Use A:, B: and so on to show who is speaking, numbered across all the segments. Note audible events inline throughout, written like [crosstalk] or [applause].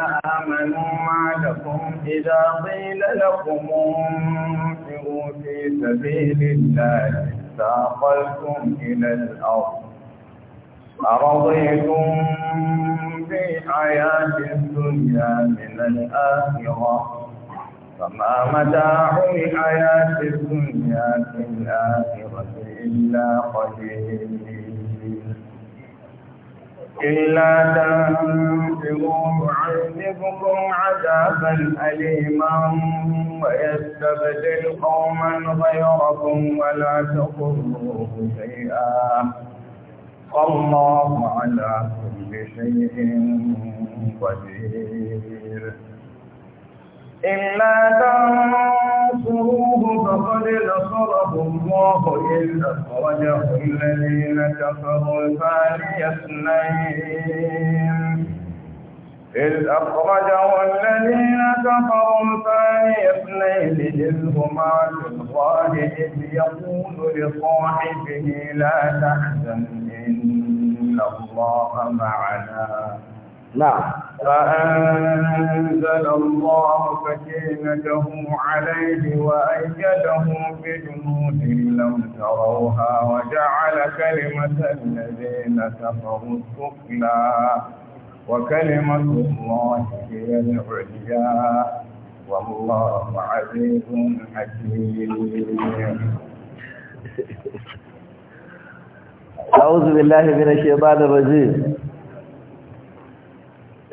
A: آمنوا معكم إذا قيل لكم انفروا في سبيل الله استاقلتم إلى الأرض
B: أرضيتم
A: في حياة الدنيا من الآخرة
B: فما متاع
A: الحياة الدنيا في الآخرة إلا قليل إلا تنفروا يعذبكم عذابا أليما ويستبدل قوما غيركم ولا تقروه شيئا والله على كل شيء قدير إلا تنصروه فقد نصره الله إذ أخرجه الذين كفروا ثاني اثنين إذ أخرجه الذين كفروا ثاني اثنين إذ هما في الغار إذ يقول لصاحبه لا تحزن إن الله معنا نعم فأنزل الله سكينته عليه وأيده بجنود لم تروها وجعل كلمة الذين كفروا السفلى وكلمة الله هي العليا والله عزيز
C: حكيم
B: أعوذ بالله من الشيطان الرجيم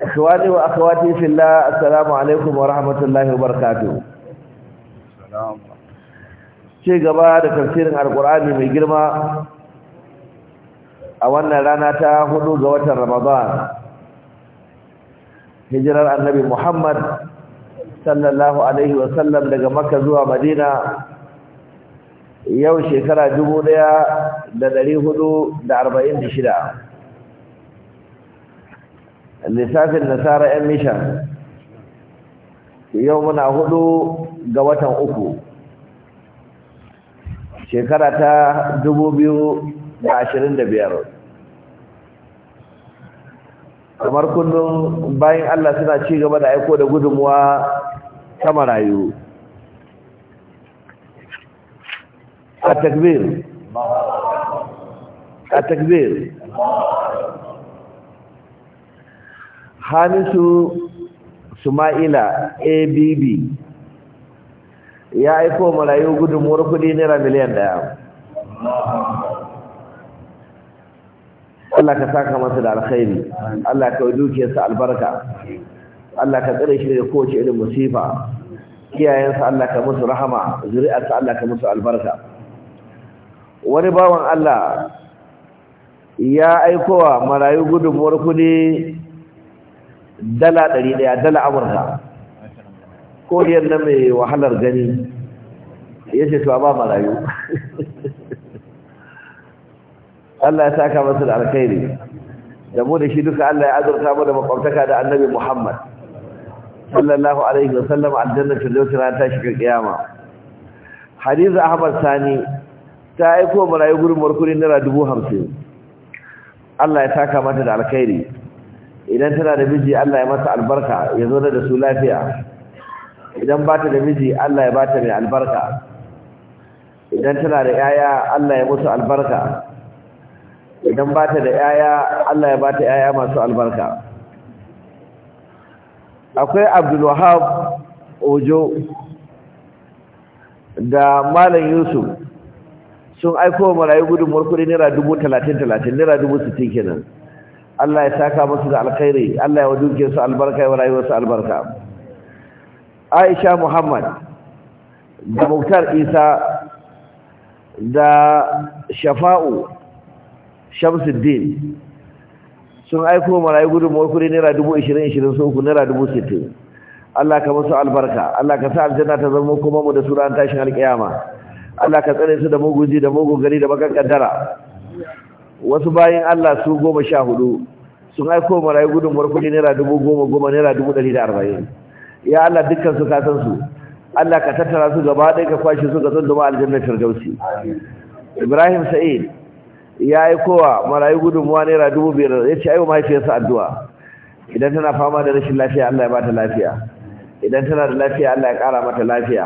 B: Akhwani wa akhawati fillah assalamu alaikum wa rahmatullahi wa barakatuh. Ce gaba da tafsirin Alƙur'ani mai girma a wannan rana ta hudu ga watan Ramadan. Hijirar Annabi Muhammad sallallahu alaihi wa sallam daga Makka zuwa Madina yau shekara dubu ɗaya da da da ɗari da shida. lissafin nasara yan mishan yau muna hudu ga watan uku shekara ta dubu biyu da ashirin da biyar kamar kullum bayan Allah suna ci gaba da aiko da gudunmuwa ta marayu a takbir a takbir hamisu suma'ila abb ya aiko marayu gudunmuwar kudi naira miliyan daya Allah ka saka masa da alkhairi Allah ka yi dukiyarsa albarka Allah ka tsare shi daga kowace irin musifa Kiyayensa Allah ka musu rahama zuri'arsa Allah ka musu albarka wani bawan Allah ya aikowa marayu gudunmuwar kudi dala ɗari ɗaya dala amurka Ko yin na mai wahalar gani ya ce tuwa ba marayu [laughs] Allah ya saka masu da alkhairi da mu da shi duka Allah ya azurta mu da makwabtaka da annabi Muhammad sallallahu alaihi wasallam aljanna firdausi ran ta shiga kiyama Hadiza Ahmad Sani ta aiko marayu gurin murkuri naira 50 Allah ya saka mata da alkhairi idan tana da miji Allah ya mata albarka ya zo da su lafiya idan ba ta da miji Allah ya ba ta mai albarka idan tana da yaya Allah ya musu albarka idan ba ta da yaya Allah ya ba ta yaya masu albarka akwai Abdul Wahab Ojo da Malam Yusuf sun aiko marayu gudun murkuri naira talatin-talatin, naira sittin kenan Allah ya saka musu da alkhairi Allah ya waduke su albarka ya rayuwar su albarka Aisha Muhammad
C: da Muktar Isa
B: da Shafa'u Shamsuddin sun aiko marayu gudunmuwar kudi naira dubu ishirin ishirin sun naira dubu Allah ka musu albarka Allah ka sa aljanna ta zama kuma mu da su an tashin alkiyama Allah ka tsare su da muguji da mugun gari da bakan kaddara wasu bayin Allah su goma sha hudu sun aiko marayu gudun kudi naira dubu goma goma naira dubu ɗari da arba'in ya Allah dukkan su kasan su Allah ka tattara su gaba ɗaya ka kwashe su ka zan zama aljannar firdausi Ibrahim Sa'id ya aiko wa marayu gudunmuwa naira dubu biyar ya ce aiwa mahaifiyarsa addu'a idan tana fama da rashin lafiya Allah ya ba ta lafiya idan tana da lafiya Allah ya ƙara mata lafiya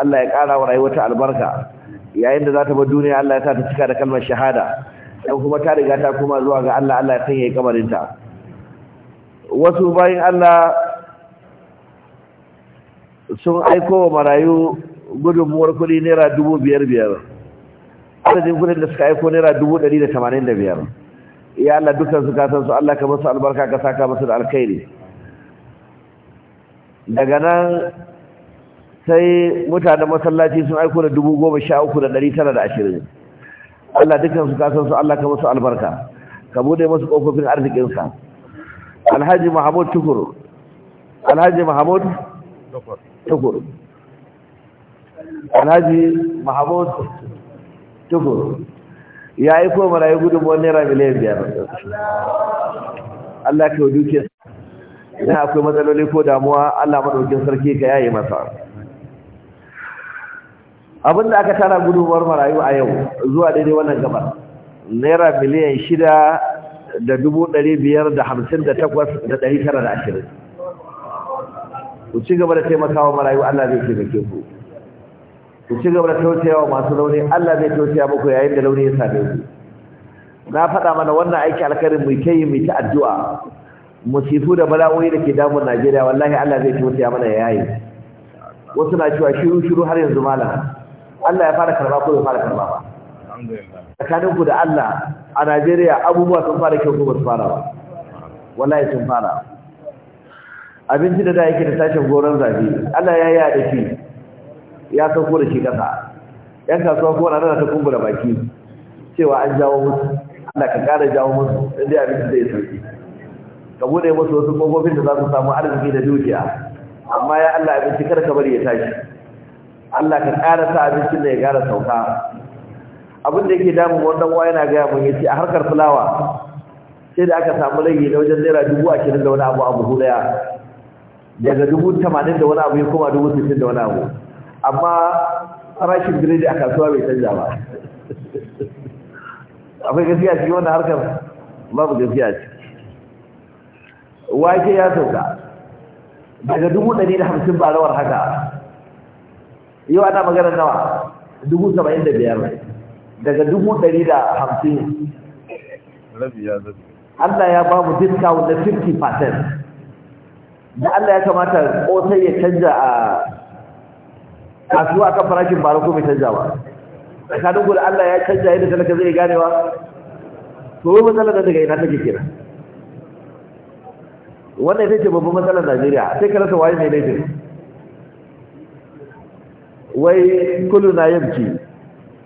B: Allah ya ƙara wa rayuwarta albarka yayin da za ta bar duniya Allah ya sa ta cika da kalmar shahada dan kuma ta riga ta kuma zuwa ga Allah Allah ya sanya kamarinta ta wasu bayin Allah sun aiko wa marayu gudunmuwar kuɗi naira dubu biyar biyar adadin kuɗin da suka aiko naira dubu ɗari da tamanin da biyar ya Allah dukkan su kasan su Allah ka masu albarka ka saka masu da alkhairi daga nan sai mutanen masallaci sun aiko da dubu goma sha uku da ɗari tara da ashirin Allah dukkan su kasan su Allah ka musu albarka ka bude musu kofofin arzikin sa Alhaji Mahmud Tukur Alhaji Mahmud Tukur Alhaji Mahmud Tukur ya yi ko gudun gudunmuwar naira miliyan biyar Allah ka yi duke akwai matsaloli ko damuwa Allah maɗaukin sarki ka yayi masa abin da aka tara gudunmuwar marayu a yau zuwa daidai wannan gabar naira miliyan shida da dubu ɗari biyar da hamsin da takwas da ɗari tara da ashirin ku ci gaba da taimakawa marayu allah zai taimake ku ku ci gaba da tausayawa masu rauni allah zai tausaya muku yayin da rauni ya same ku na faɗa mana wannan aiki alkarin mu kai mu ta addu'a musifu da bala'o'i da ke damun najeriya wallahi allah zai tausaya mana yayi wasu na cewa shiru shiru har yanzu malam Allah ya fara karba ko ya fara karba ba tsakanin ku da Allah a Najeriya abubuwa sun fara kyau ko ba su fara ba wallahi sun fara abinci da da yake da tashin goron zafi. Allah ya yi da shi ya sauko da shi kasa yan kasuwa ko rana ta kumbura baki cewa an jawo musu Allah ka kara jawo musu inda abinci zai sauki ka bude musu wasu kofofin da za su samu arziki da dukiya amma ya Allah abinci kar ka bari ya tashi Allah ka ƙara sa abincin da ya ƙara sauka abin da yake damun wannan wa yana gaya mun yace a harkar fulawa sai da aka samu rage da wajen naira dubu ashirin da wani abu abu hulaya daga dubu tamanin da wani abu ya koma dubu sittin da wani abu amma farashin biredi a kasuwa bai canja ba akwai gaskiya cikin wannan harkar babu gaskiya ciki wake ya sauka daga dubu ɗari da hamsin ba rawar haka yau ana magana nawa dubu saba'in da biyar daga dubu ɗari da hamsin Allah ya ba mu discount na 50% da Allah ya kamata ƙosai ya canja a kasuwa kan farashin bara ko mai canja ba dubu da Allah ya canja yadda talaka zai ganewa to yi matsalar da daga ina take kira wannan ita ce babban matsalar Najeriya sai rasa waye mai laifin wai kullu na yabki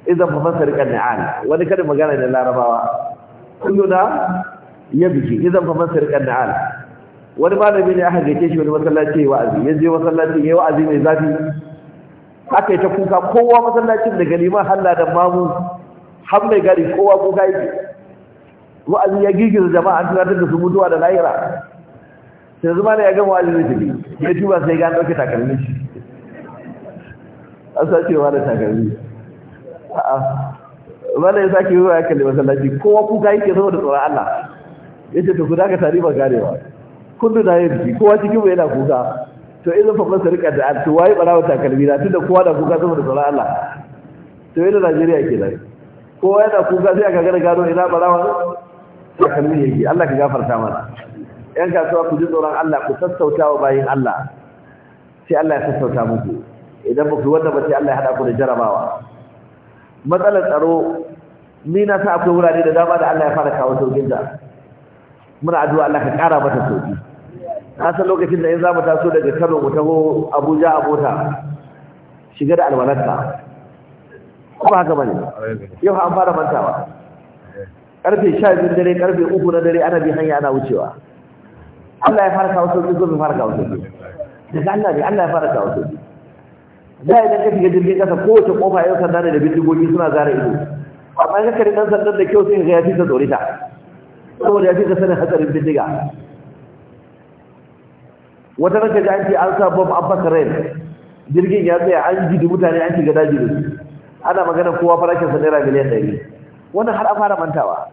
B: idan fa masarika da'al wani kada magana da larabawa kullu na yabki idan fa masarika da'al wani malami ne aka gace shi wani masallaci wa'azi yaje masallaci yayi wa'azi mai zafi aka yi ta kuka kowa masallacin da galiman halla da mamu har mai gari kowa kuka yi wa'azi ya girgiza jama'a an tunatar da su mutuwa da lahira sai zuma ne ya gama wa'azi ne tafi ya tuba sai ga an ɗauke takalmin shi an sacewa da takalmi a'a wanda ya sake zuwa ya kalli masallaci kowa kuka yake zama da tsoron Allah ya ce to ku daga tari ba garewa. ba kullu na yin jiki kowa cikin mu yana kuka to idan fa masa sarika da to wai barawa takalmi na tunda kowa da kuka zama da tsoron Allah to yana Najeriya kenan kowa yana kuka sai aka gane gado, ina barawa takalmi yake Allah ka gafarta mana yan kasuwa ku ji tsoron Allah ku sassauta wa bayin Allah sai Allah ya sassauta muku idan ba fi wanda ba sai Allah ya hada ku da jarabawa matsalar tsaro ni na sa akwai wurare da dama da Allah ya fara kawo saukin da muna addu'a Allah ka kara mata sauki na san lokacin da in za mu taso daga Kano mu taho Abuja a mota shiga da almanarka ko haka bane yau an fara mantawa karfe 12 dare karfe 3 na dare ana bi hanya ana wucewa Allah ya fara kawo sauƙi, ko fara kawo sauƙi, daga Allah ne Allah ya fara kawo sauƙi. da idan ka shiga jirgin kasa kowace kofa yau sanda ne da bindigogi suna zara ido amma in ka kare dan sandar da kyau sai ga ya fi ta tsorita saboda ya ta sanin hatsarin bindiga wata ranka ji an ce an sa bom an fasa jirgin ya tsaya an da mutane an shiga daji da su ana magana kowa farashin sa naira miliyan ɗari wannan har an fara mantawa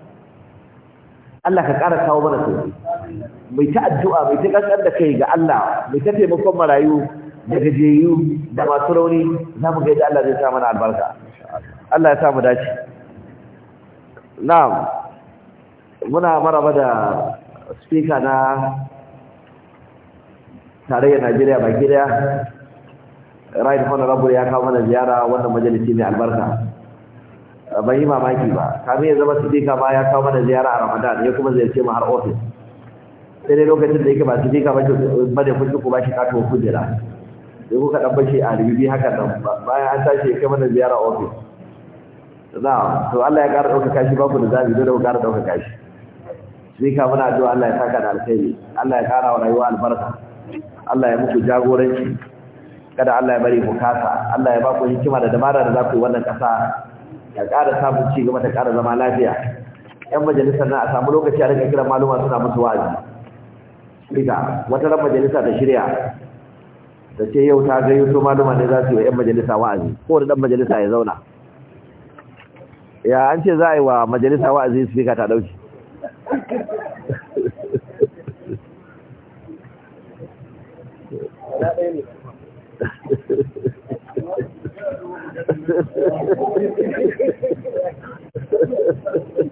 B: Allah ka ƙara kawo mana sauki
C: mai ta addu'a mai ta ƙanƙan da kai ga Allah
B: mai ta taimakon marayu da gajeyu da masu rauni za mu gaji Allah zai samu na albarka Allah ya sa mu dace na'am muna maraba da speaker na tarayyar Najeriya baki da right honorable ya kawo mana ziyara wannan majalisi mai albarka ban yi mamaki ba kamar ya zama speaker ba ya kawo mana ziyara a ramadan ya kuma ziyarce mu har ofis sai dai lokacin da yake ba sidika ba ne kuma ba shi kato kujera sai kuka dan bashi a rububi haka nan bayan an tashi kai mana ziyara office na'am to Allah ya ƙara ɗaukaka shi babu da zabi dole ku ƙara ɗaukaka shi sai ka muna addu'a Allah ya saka da alkhairi Allah ya ƙara wa rayuwa albarka Allah ya muku jagoranci kada Allah ya bari ku kasa Allah ya ba ku hikima da dabara da za ku yi wannan ƙasa ya ƙara samun ci gaba ta ƙara zama lafiya Yan majalisar na a samu lokaci a rika kiran maluma suna musu wa'azi Sika, wata ran majalisa ta shirya ta ce yau ta to malama ne za su yi wa 'yan majalisa wa'azi ko da dan majalisa ya zauna ya an ce za a yi wa majalisa wa'azi spika ta ɗauki
C: [laughs]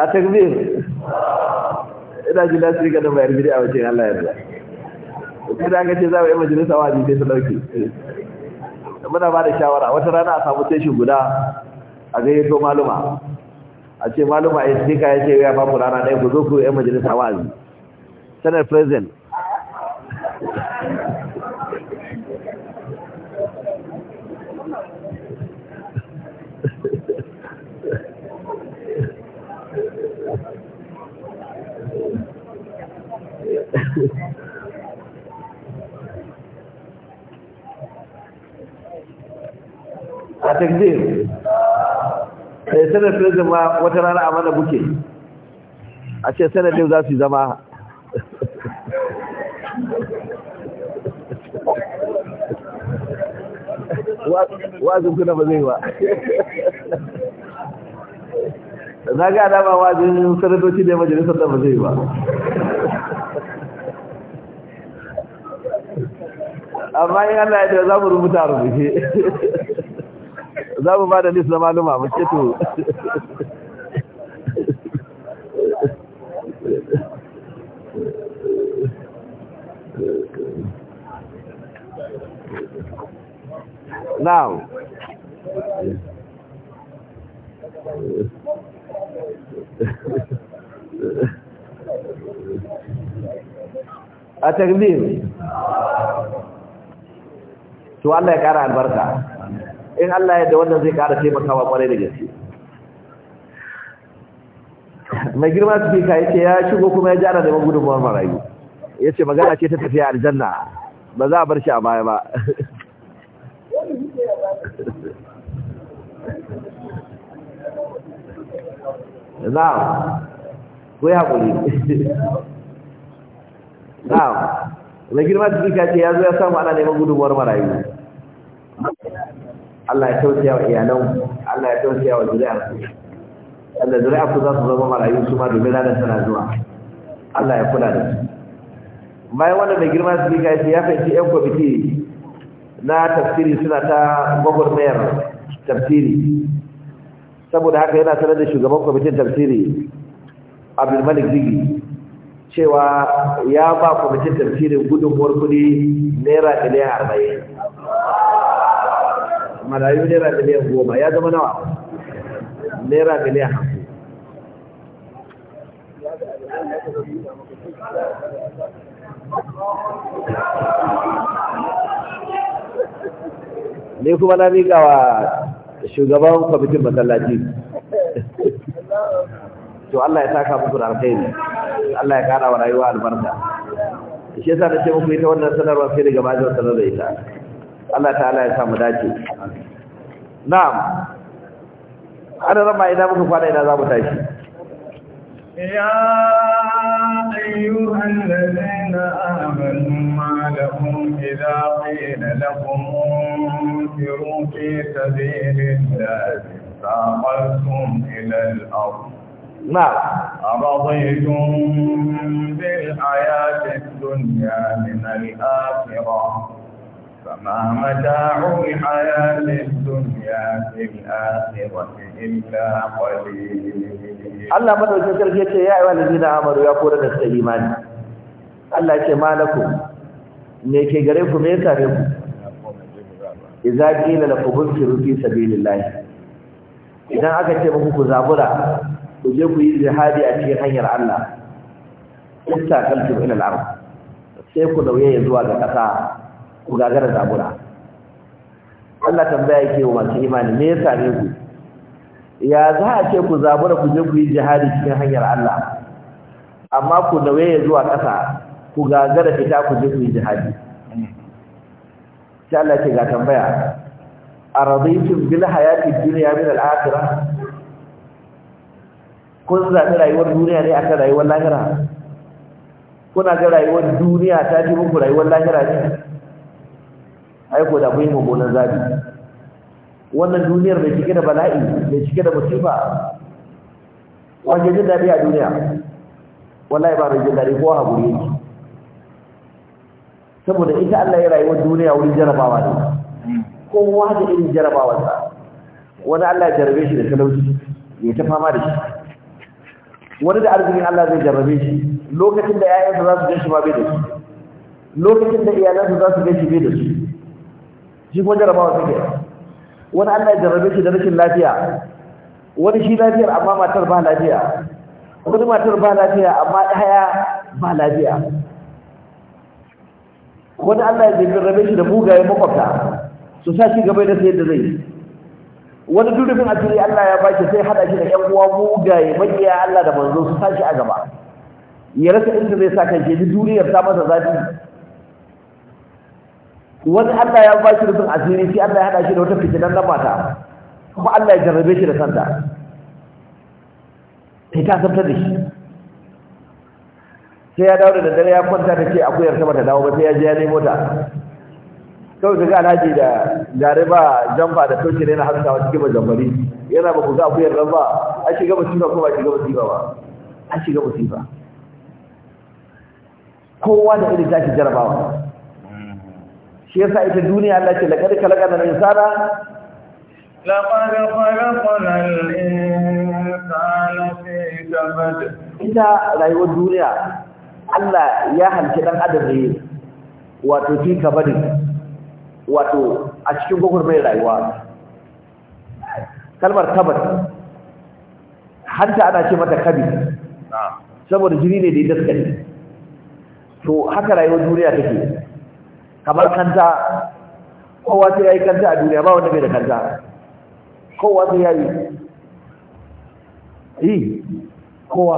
B: a takbir ina ji lasiri ga da bayar bidi a wajen Allah yarda sai da aka ce za mu yi majalisa wa sai ta dauke muna ba da shawara wata rana a samu tashi guda a gayyato maluma a ce maluma ya sika ya ce ya ba ku rana ɗaya ku zo ku yi majalisa wa'azi sanar president a takbir sai eh, sanar prison ma wata rana a mana buke a ce sanadin za su zama wazin kuna ba zai ba na ga dama wazin sanatoci da majalisar da ba zai ba amma in Allah ya ce za mu rubuta rubuce za mu ba da list na maluma mu ce to now a takbir to Allah ya kara albarka in Allah ya da wannan zai kara taimakawa kwarai da gaske mai girma su ya ce, ya shigo kuma ya jara da gudunmuwar marayu ya ce magana ce ta tafiya aljanna ba za a bar shi a baya ba na'am ku yi haƙuri na'am da girma da duka ce ya zo ya samu ana neman gudunmuwar marayu Allah ya tausaya wa iyalan Allah ya tausaya wa zuri'ar su Allah zuri'ar za su zama marayu su ma domin ranar tana zuwa Allah ya kula da su bayan wanda mai girma da duka ce ya fahimci yan kwamiti na tafsiri suna ta gwagwarmayar tafsiri saboda haka yana sanar da shugaban kwamitin tafsiri abdulmalik zigi cewa ya ba kwamitin tafsirin gudunmuwar kudi naira miliyan arba'in marayu naira miliyan goma ya zama nawa naira miliyan hamsin ne kuma na miƙa wa shugaban kwamitin masallaci to Allah ya taka muku da alkhairi din Allah ya kara wa rayuwa albarka shi yasa nake muku ita wannan sanarwa sai daga bazan sanar da ita Allah ta'ala ya samu dace na'am ana rama ina muka fara ina za mu tashi
A: ya ayyuhan ladina amanu ma lahum idha qila lahum انفروا في سبيل الله ثاقلتم الى الارض نعم أرضيتم بالحياة الدنيا من ce yace ya ayyuhal ladina ya kora da sai
B: imani Allah ke malakum me ke gare ku me tare ku idza qila lakum fi sabilillah idan aka ce muku ku zabura ku je ku yi jihadi a cikin hanyar Allah ista kaltum ila al-ard sai ku dauye zuwa ga kasa ku gagara zabura Allah tambaya yake wa masu imani me yasa ne ku ya za a ce ku zabura ku je ku yi jihadi cikin hanyar Allah amma ku dauye zuwa kasa ku gagara fita ku je ku yi jihadi sai Allah ce ga tambaya aradaitum bil hayati dunya min al-akhirah kun zaɓi rayuwar duniya ne akan rayuwar lahira kuna ga rayuwar duniya ta ji muku rayuwar lahira ne aiko da kun yi mummunan zaɓi wannan duniyar da cike da bala'i mai cike da musiba wajen jin daɗi a duniya wallahi ba mai jin daɗi ko haƙuri yake saboda ita Allah ya rayuwar duniya wurin jarabawa ne kowa da irin jarabawarsa wani Allah ya jarabe shi da talauci ya ta fama da shi wani da arzikin Allah zai jarrabe shi lokacin da ƴaƴansa za su gan shi ba bai da su lokacin da iyalansa za su gan shi bai da su shi kuma jarrabawa suke wani Allah ya jarrabe shi da rashin lafiya wani shi lafiyar amma matar ba lafiya wani matar ba lafiya amma ɗaya ba lafiya wani Allah ya jarrabe shi da mugayen makwabta su sa shi gaba da sayar da zai wani durufin asiri Allah ya baki sai hada shi da ƴan uwa mugaye makiya Allah da manzo su sashi a gaba ya rasa inda zai sa kanshi duk duniyar ta masa zafi wani Allah ya baki rufin asiri sai Allah ya hada shi da wata fitinan na mata kuma Allah ya jarrabe shi da sanda sai ta sabta da shi sai ya dawo da dare ya kwanta da ce akuyar ta bata dawo ba sai ya je ya nemo ta kawai ga alhaji da gare ba jamfa da toke ne na haskawa cikin jambari yana ba ku za ku yarda ba a shiga musiba ko ba shiga musiba ba a shiga musiba kowa da irin tashi jarabawa shi yasa ita duniya Allah ce laqad khalaqana al
A: nan laqad khalaqana al-insana fi kabad
B: ita rayuwar duniya Allah ya halci dan adam ne wato fi kabadin wato a cikin gwagwarmayar rayuwa kalmar kabar hanta ana ce mata kabi saboda jini ne da ya daskare to haka rayuwar duniya take kamar kanta kowa sai ya yi kanta a duniya ba wanda bai da kanta kowa sai ya yi yi kowa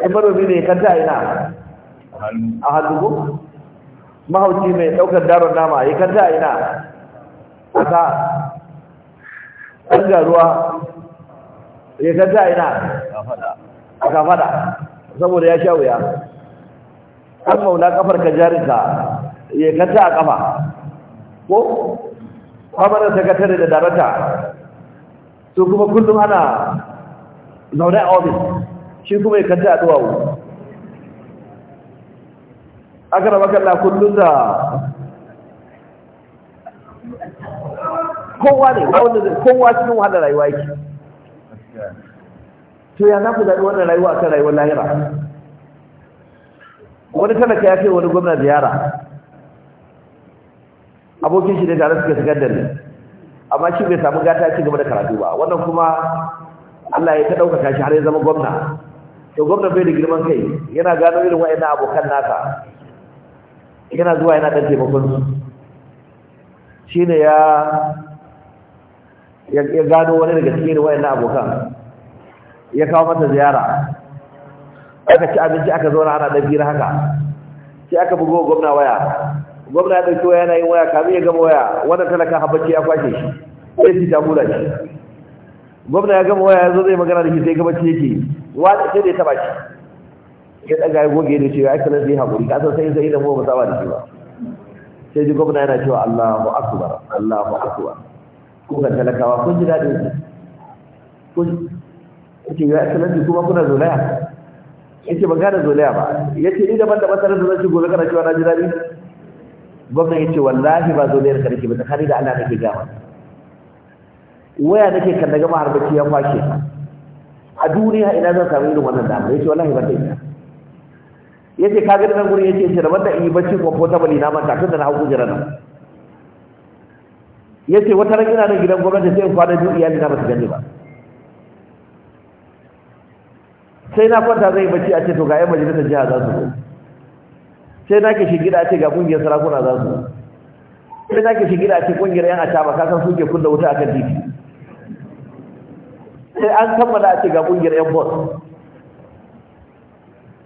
B: in manomi ne kanta a ina a hannu mahauci mai daukar daron nama ya kanta a ina a ta ɗanga ruwa ya kanta a ina a kafada saboda ya sha wuya an mauna kafar ka jarinta ya kanta a kafa ko kwamarar sakatare da darata su kuma kullum ana zaune a ofis shi kuma ya kanta a duwawu aka raba kalla kullum da kowa ne wanda zai kowa cikin wahala rayuwa yake to ya na ku zaɓi wannan rayuwa akan rayuwar lahira wani talaka ya kai wani gwamna ziyara abokin shi ne tare suka shigar da ne amma shi bai samu gata ci gaba da karatu ba wannan kuma Allah ya ta ɗaukaka shi har ya zama gwamna to gwamna bai da girman kai yana gano irin wa'ina abokan naka yana zuwa yana ɗan taimakon su shi ne ya gano wani daga cikin wayan abokan ya kawo mata ziyara aka ci abinci aka zauna ana ɗan fira haka sai aka bugo gwamna waya gwamna ya ɗauki waya yana yin waya kamin ya gama waya wannan talaka habacci ya kwashe shi sai shi ta shi gwamna ya gama waya ya zo zai magana da shi sai gabacci yake wani sai da ya taba shi ya daga ya goge da cewa ya kalan sai haƙuri san sai sai idan ba saba da shi ba sai ji gwamna yana cewa Allahu akbar Allahu akbar ga talakawa kun ji ku kun ce ya kalan kuma kuna zolaya yace ban gane zolaya ba yace ni daban da masarar da zan gobe kana cewa na ji daɗi gwamna yace wallahi ba zolayar karki ba tsakani da Allah nake gama waya nake kan daga maharbaci ya kwashe a duniya ina zan samu irin wannan dama yace wallahi ba ta yi yace ka ga nan ya yace shi rabar da in yi bacci comfortable na manta da na hagu jira nan yace wata ran ina nan gidan gwamnati sai in kwana biyu iyali na ba su gani ba sai na kwanta zai bacci a ce to ga yan majalisar jiha za su zo sai na ke shigida a ce ga kungiyar sarakuna za su zo sai na ke shigida a ce kungiyar yan acaba ka san suke kulla wuta a kan titi sai an kammala a ce ga kungiyar yan bot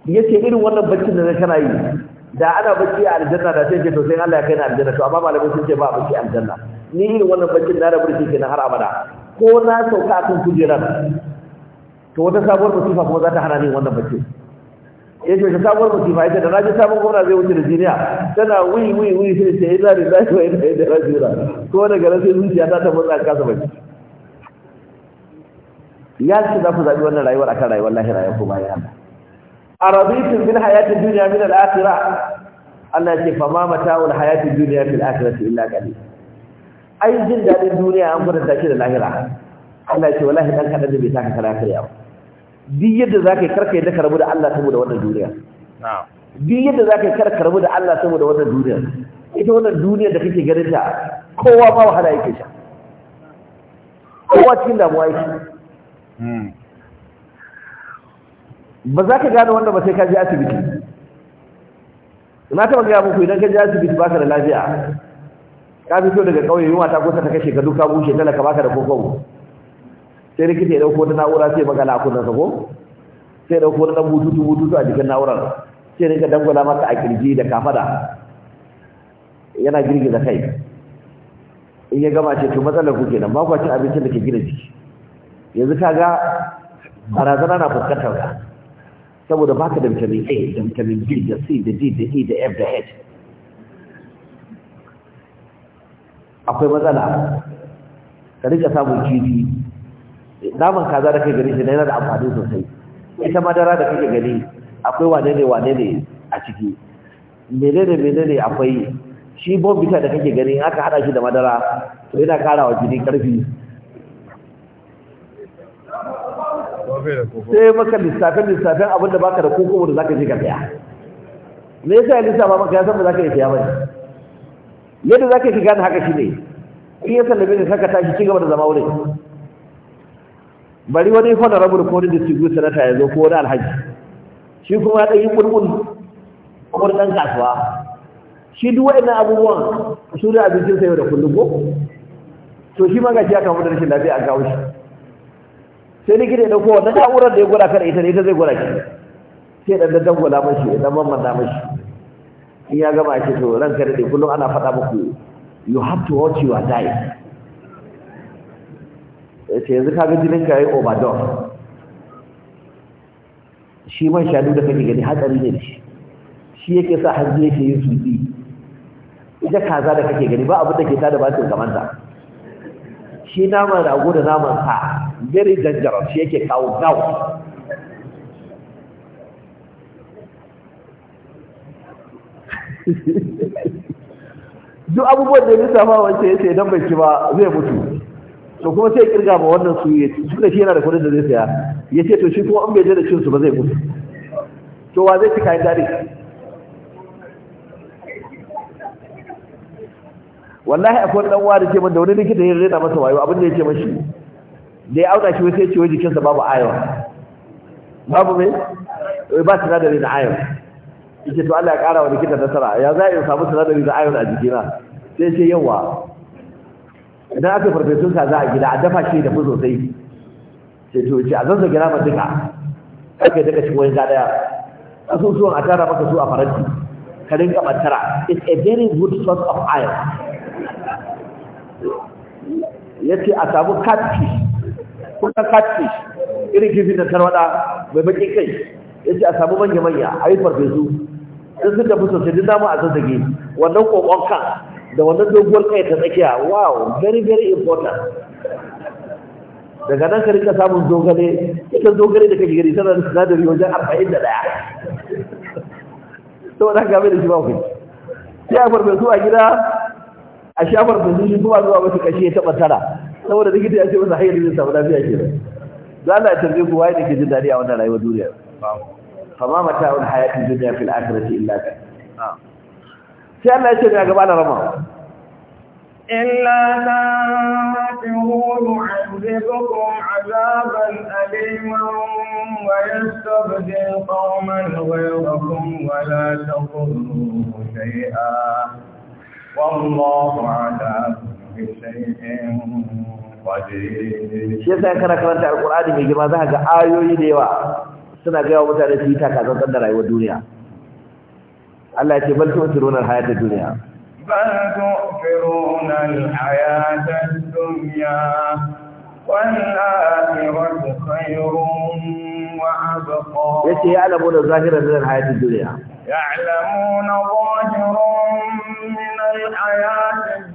B: yace irin wannan baccin da na kana yi da ana bacci a aljanna da sai ke to sai Allah ya kai ni aljanna to amma malamai sun ce ba bacci a aljanna ni irin wannan baccin na rabu shi kenan har abada ko na sauka a kan kujerar to wata sabuwar musifa kuma za ta hana ni wannan baccin ya ce sabuwar musifa ita da naji sabon gwamna zai wuce da jiniya tana wuyi wuyi wuyi sai ce ina da zai wa ina da rajura ko daga garin sai zuciya ta ta motsa kasa bacci ya ce za ku zaɓi wannan rayuwar akan rayuwar lahira ya kuma ya Allah araditum bil hayatid dunya min al akhirah Allah ce fa ma mata'ul hayatid dunya fil akhirati illa qalil ai jin dadin duniya an fara shi da lahira Allah ce wallahi dan kadan da bai saka karatu ya duk yadda zakai karkai da karbu da Allah saboda wannan duniya na'am duk yadda zakai kar karbu da Allah saboda wannan duniya ita wannan duniya da kake ganin ta kowa ba wahala yake sha kowa cikin damuwa yake ba za ka gane wanda ba sai ka je asibiti na taɓa gaya muku idan ka je asibiti baka da lafiya ka fito daga ƙauye yunwa ta kusa ta kashe ka duka bushe talaka baka da kokon sai rikici ya ɗauko wata na'ura sai magana a kunnansa ko sai ɗauko wani ɗan bututu bututu a jikin na'urar sai rinka dangwala maka a kirji da kafada yana girgiza kai in ya gama ce to matsalar ku kenan ba ku cin abincin da ke gina jiki yanzu ga barazana na fuskantar ka saboda ka da vitamin A da vitamin B da C da D da E da F da H akwai matsala ka rika samun kifi naman kaza da kai gani shi na yana da amfani sosai ita madara da kake gani akwai wane ne wane ne a ciki menene menene akwai shi bombita da kake gani aka hada shi da madara to yana karawa jini karfi
C: sai maka lissafin
B: lissafin abin da baka da kokobo da ka je ka saya me yasa lissafa maka ya san ba ka yi saya bane yadda za ka yi gane haka shi ne, in ya sallame ne saka tashi ci gaba da zama wurin bari wani fada rabu da su gusa sanata ya zo ko wani alhaji shi kuma ya ɗanyi ƙulƙul kuma ɗan kasuwa shi duk ina abubuwan su da abincin sayo da kullum ko to shi ma gashi ya kamar da rashin lafiya a kawo shi sai gida ya dauko wannan na'urar da ya gwada kada ita ne ita zai gwada ki sai dan dan gwada mashi dan mamman da mashi in ya gama shi to ranka da kullum ana faɗa muku you have to watch your diet ce yanzu kaga jinin ka yi overdose shi man shanu da kake gani hatsari ne shi shi yake sa hanzu yake yin tsutsi ita kaza da kake gani ba abinda da ke tada bakin kamanta. shi naman rago da naman sa very dangerous shi yake kawo doubt duk abubuwan da ya lissafa wancan ya ce idan bai ci ba zai mutu to kuma sai kirga ma wannan su ya ci da shi yana da kudin da zai saya ya ce to shi kuma an bai da cin su ba zai mutu to wa zai ci kayan dare wallahi akwai dan wani da ce min da wani likita ya rena masa wayo abin da ya ce mashi da ya auna shi wai sai ce wai jikinsa babu iron babu mai wai ba sinadari na ayon yake to Allah ya kara wa likita nasara ya za in samu sinadari na ayon a jikina sai ce yawa idan aka farfesun ka za a gida a dafa shi da fi sosai sai to ce a zanzage nama duka aka daga cikin wani daya asusuwan a tara maka su a faranti ka rinka bantara it's a very good source of iron yace a samu catfish ko ka shi irin kifi da tarwada mai baki kai Ya ce a samu manya manya a yi farfesu sun sun tafi sosai duk damu a zazzage wannan kokon kan da wannan doguwar kai ta tsakiya wow very very important daga nan ka rika samun dogare ita dogare da kake gari tana da sinadari wajen arba'in da daya to da game da shi ba kai sai a farfesu a gida a shafar farfesu shi kuma zuwa wata kashe ya taɓa tara saboda likita ya ce masa hayyar zai samu lafiya ke nan za a tarbe ku waye da ke jin a wannan rayuwar duniya ma mata wani hayatin duniya fil akirati illa ka sai Allah ya ce ga gaba na rama
A: إلا تنفروا يعذبكم
C: عذابا أليما ويستبدل
A: قوما shi yasa in kana karanta alkur'ani mai
B: girma za ga ayoyi da yawa suna gaya wa mutane su yi takazantsan da rayuwar duniya Allah ya ce bal tu'thiruna al-hayata duniya
C: bal
A: tu'thiruna al-hayata duniya dunya ake akhiratu khayrun wa abqa yace ya alamu da zahirar min al duniya. Ya dunya na zahiran min al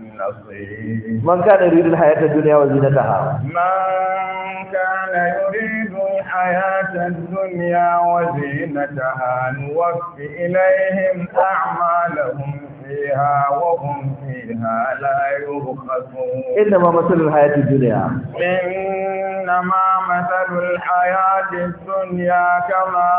A: نصير من كان يريد الحياة الدنيا وزينتها من كان يريد الحياة الدنيا وزينتها نوفي إليهم أعمالهم فيها وهم فيها لا يبخسون إنما مثل الحياة
B: الدنيا
D: إنما مثل الحياة الدنيا كما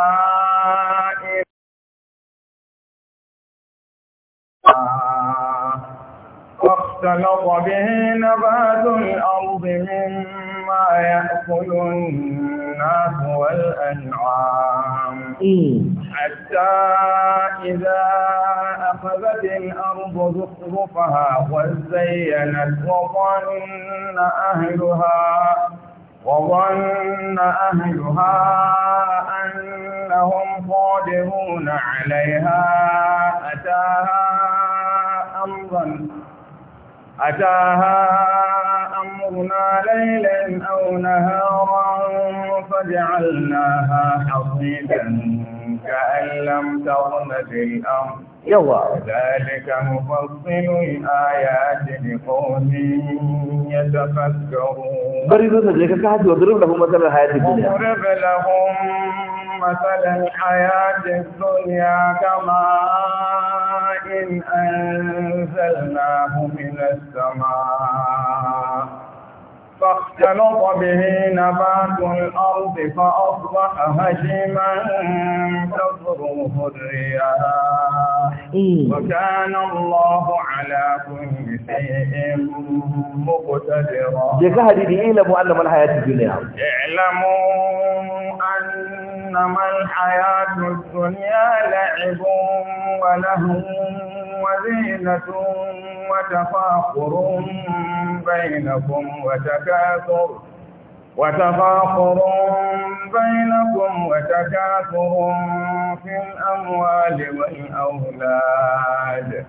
D: فاختلط به نبات الأرض مما
A: يأكل الناس والأنعام حتى إذا أخذت الأرض زخرفها وزينت وظن أهلها وظن أهلها أنهم قادرون عليها أتاها أمرا أتاها أمرنا ليلا أو نهارا فجعلناها حصيدا كأن لم تغن في الأرض وذلك مفصل الآيات لقوم يتفكرون
B: ضرب لهم مثل الحياة الدنيا ضرب
A: لهم مثل الحياة الدنيا كماء إن أنزلناه من السماء فاختلط به نبات الأرض فأصبح هشيما تضره الرياح وكان الله على كل شيء مقتدرا جزاها إلى أنما الحياة الدنيا اعلموا أنما الحياة الدنيا لعب ولهو وزينة وتفاخر بينكم وتكاثر تكاثر وتفاخر بينكم وتكاثر في الأموال والأولاد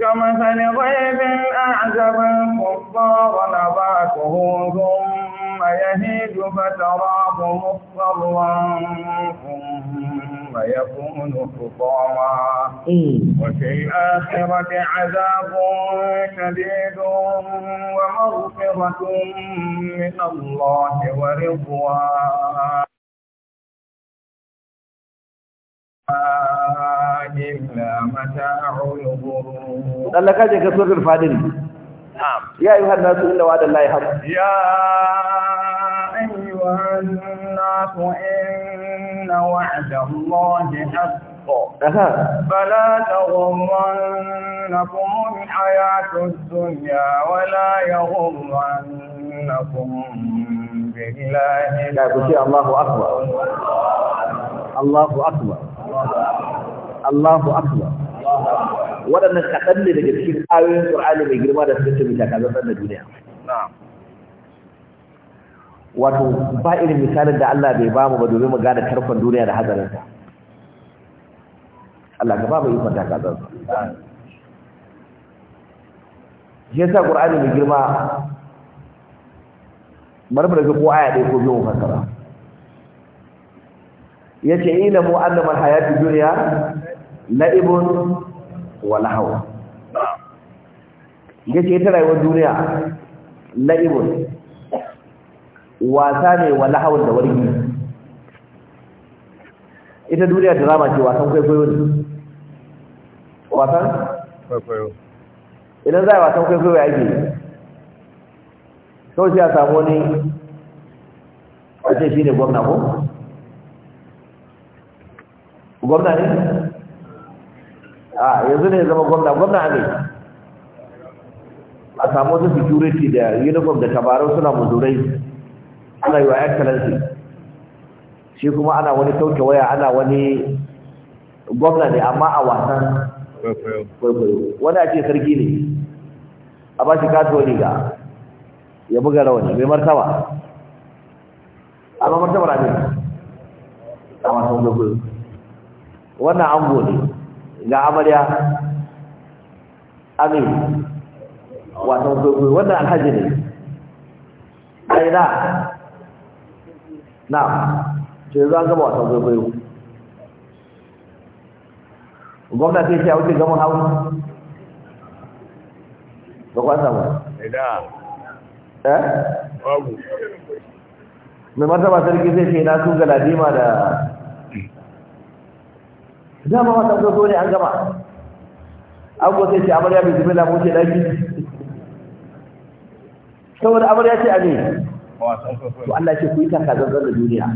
A: كمثل غيب أعجب الكفار نباته ثم يهيج فتراه مصفرا ثم يكون حطاما إيه. وفي الآخرة
D: عذاب شديد ومغفرة من الله ورضوان إلا متاع الغرور
A: قال لك هذه نعم
B: يا أيها الناس إن وعد الله حق يا
A: أيها الناس إن وعد الله حق فلا تغرنكم الحياة الدنيا ولا يغرنكم بالله لا تشيء الله أكبر الله
B: أكبر الله أكبر
C: waɗannan kaɗan ne daga cikin
B: ayoyin ƙur'ani mai girma da suka ce mai takazantar da duniya wato ba irin misalin da Allah bai mu ba domin mu gane tarkon duniya da hazarinta Allah ka babu ikon ta kazan shi yasa qur'ani mai girma marmar mu daga ko aya ɗaya ko biyu mu fassara yace ilamu annama hayatu dunya la'ibun wa lahaw yace ita rayuwar duniya la'ibun wasa ne wa lahaw da wargi ita duniya drama ce wasan kwaikwayo ne wasan kwaikwayo idan za a wasan kwaikwayo ya ke kawai sai a samu wani ake shi ne gwamna ko gwamna ne a yanzu ne ya zama gwamna gwamna ne a samu wasu security da uniform da tabarau suna muzurai ana yi wa excellency shi kuma ana wani sauke waya ana wani gwamna ne amma a wasan wanda wani a ce sarki ne a ba shi kato riga ya buga rawani mai martaba amma martaba rabe a masu gugu wannan an gode ga amarya amin wasan gugu wannan alhaji ne aina na ce zuwa gaba wasan gugu gwamna sai ce a wuce gamin hausa ba kwasa ba,
A: eh mai martaba sarki zai ce na sun galadima da
B: dama wata gozo ne an gama abuwa sai ce amarya bai zubi lamu ce daki saboda amarya ce a ne to Allah ce ku yi taka zan da duniya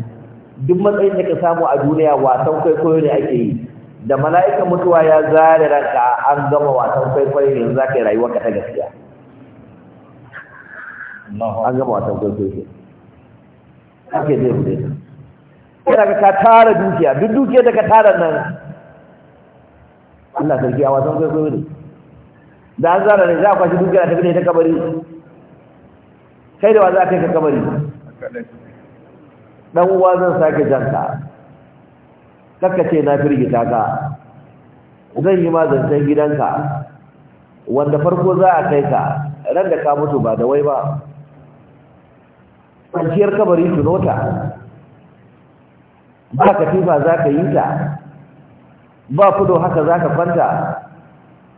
B: duk matsayin da ka samu a duniya wasan kwaikwayo ne ake yi da mala'ika mutuwa ya zare ranka an gama wasan kwaikwayo yanzu za ka yi rayuwa ka ta gaskiya an gama wasan kwaikwayo ake zai bude yana ka ka tara dukiya duk dukiya da ka tara nan Allah sarki a wasan kwaikwayo ne da an zara ne za a kwashi dukiya ta fi ne ta kabari kai da wa za a kai ka kabari dan uwa zan sake janta. kakka ce na firgita ka zan yi mazantan gidanka wanda farko za a kai ka ran da ka mutu ba da wai ba kwanciyar kabari tunota ba katifa za ka yi ta ba kudo haka za ka kwanta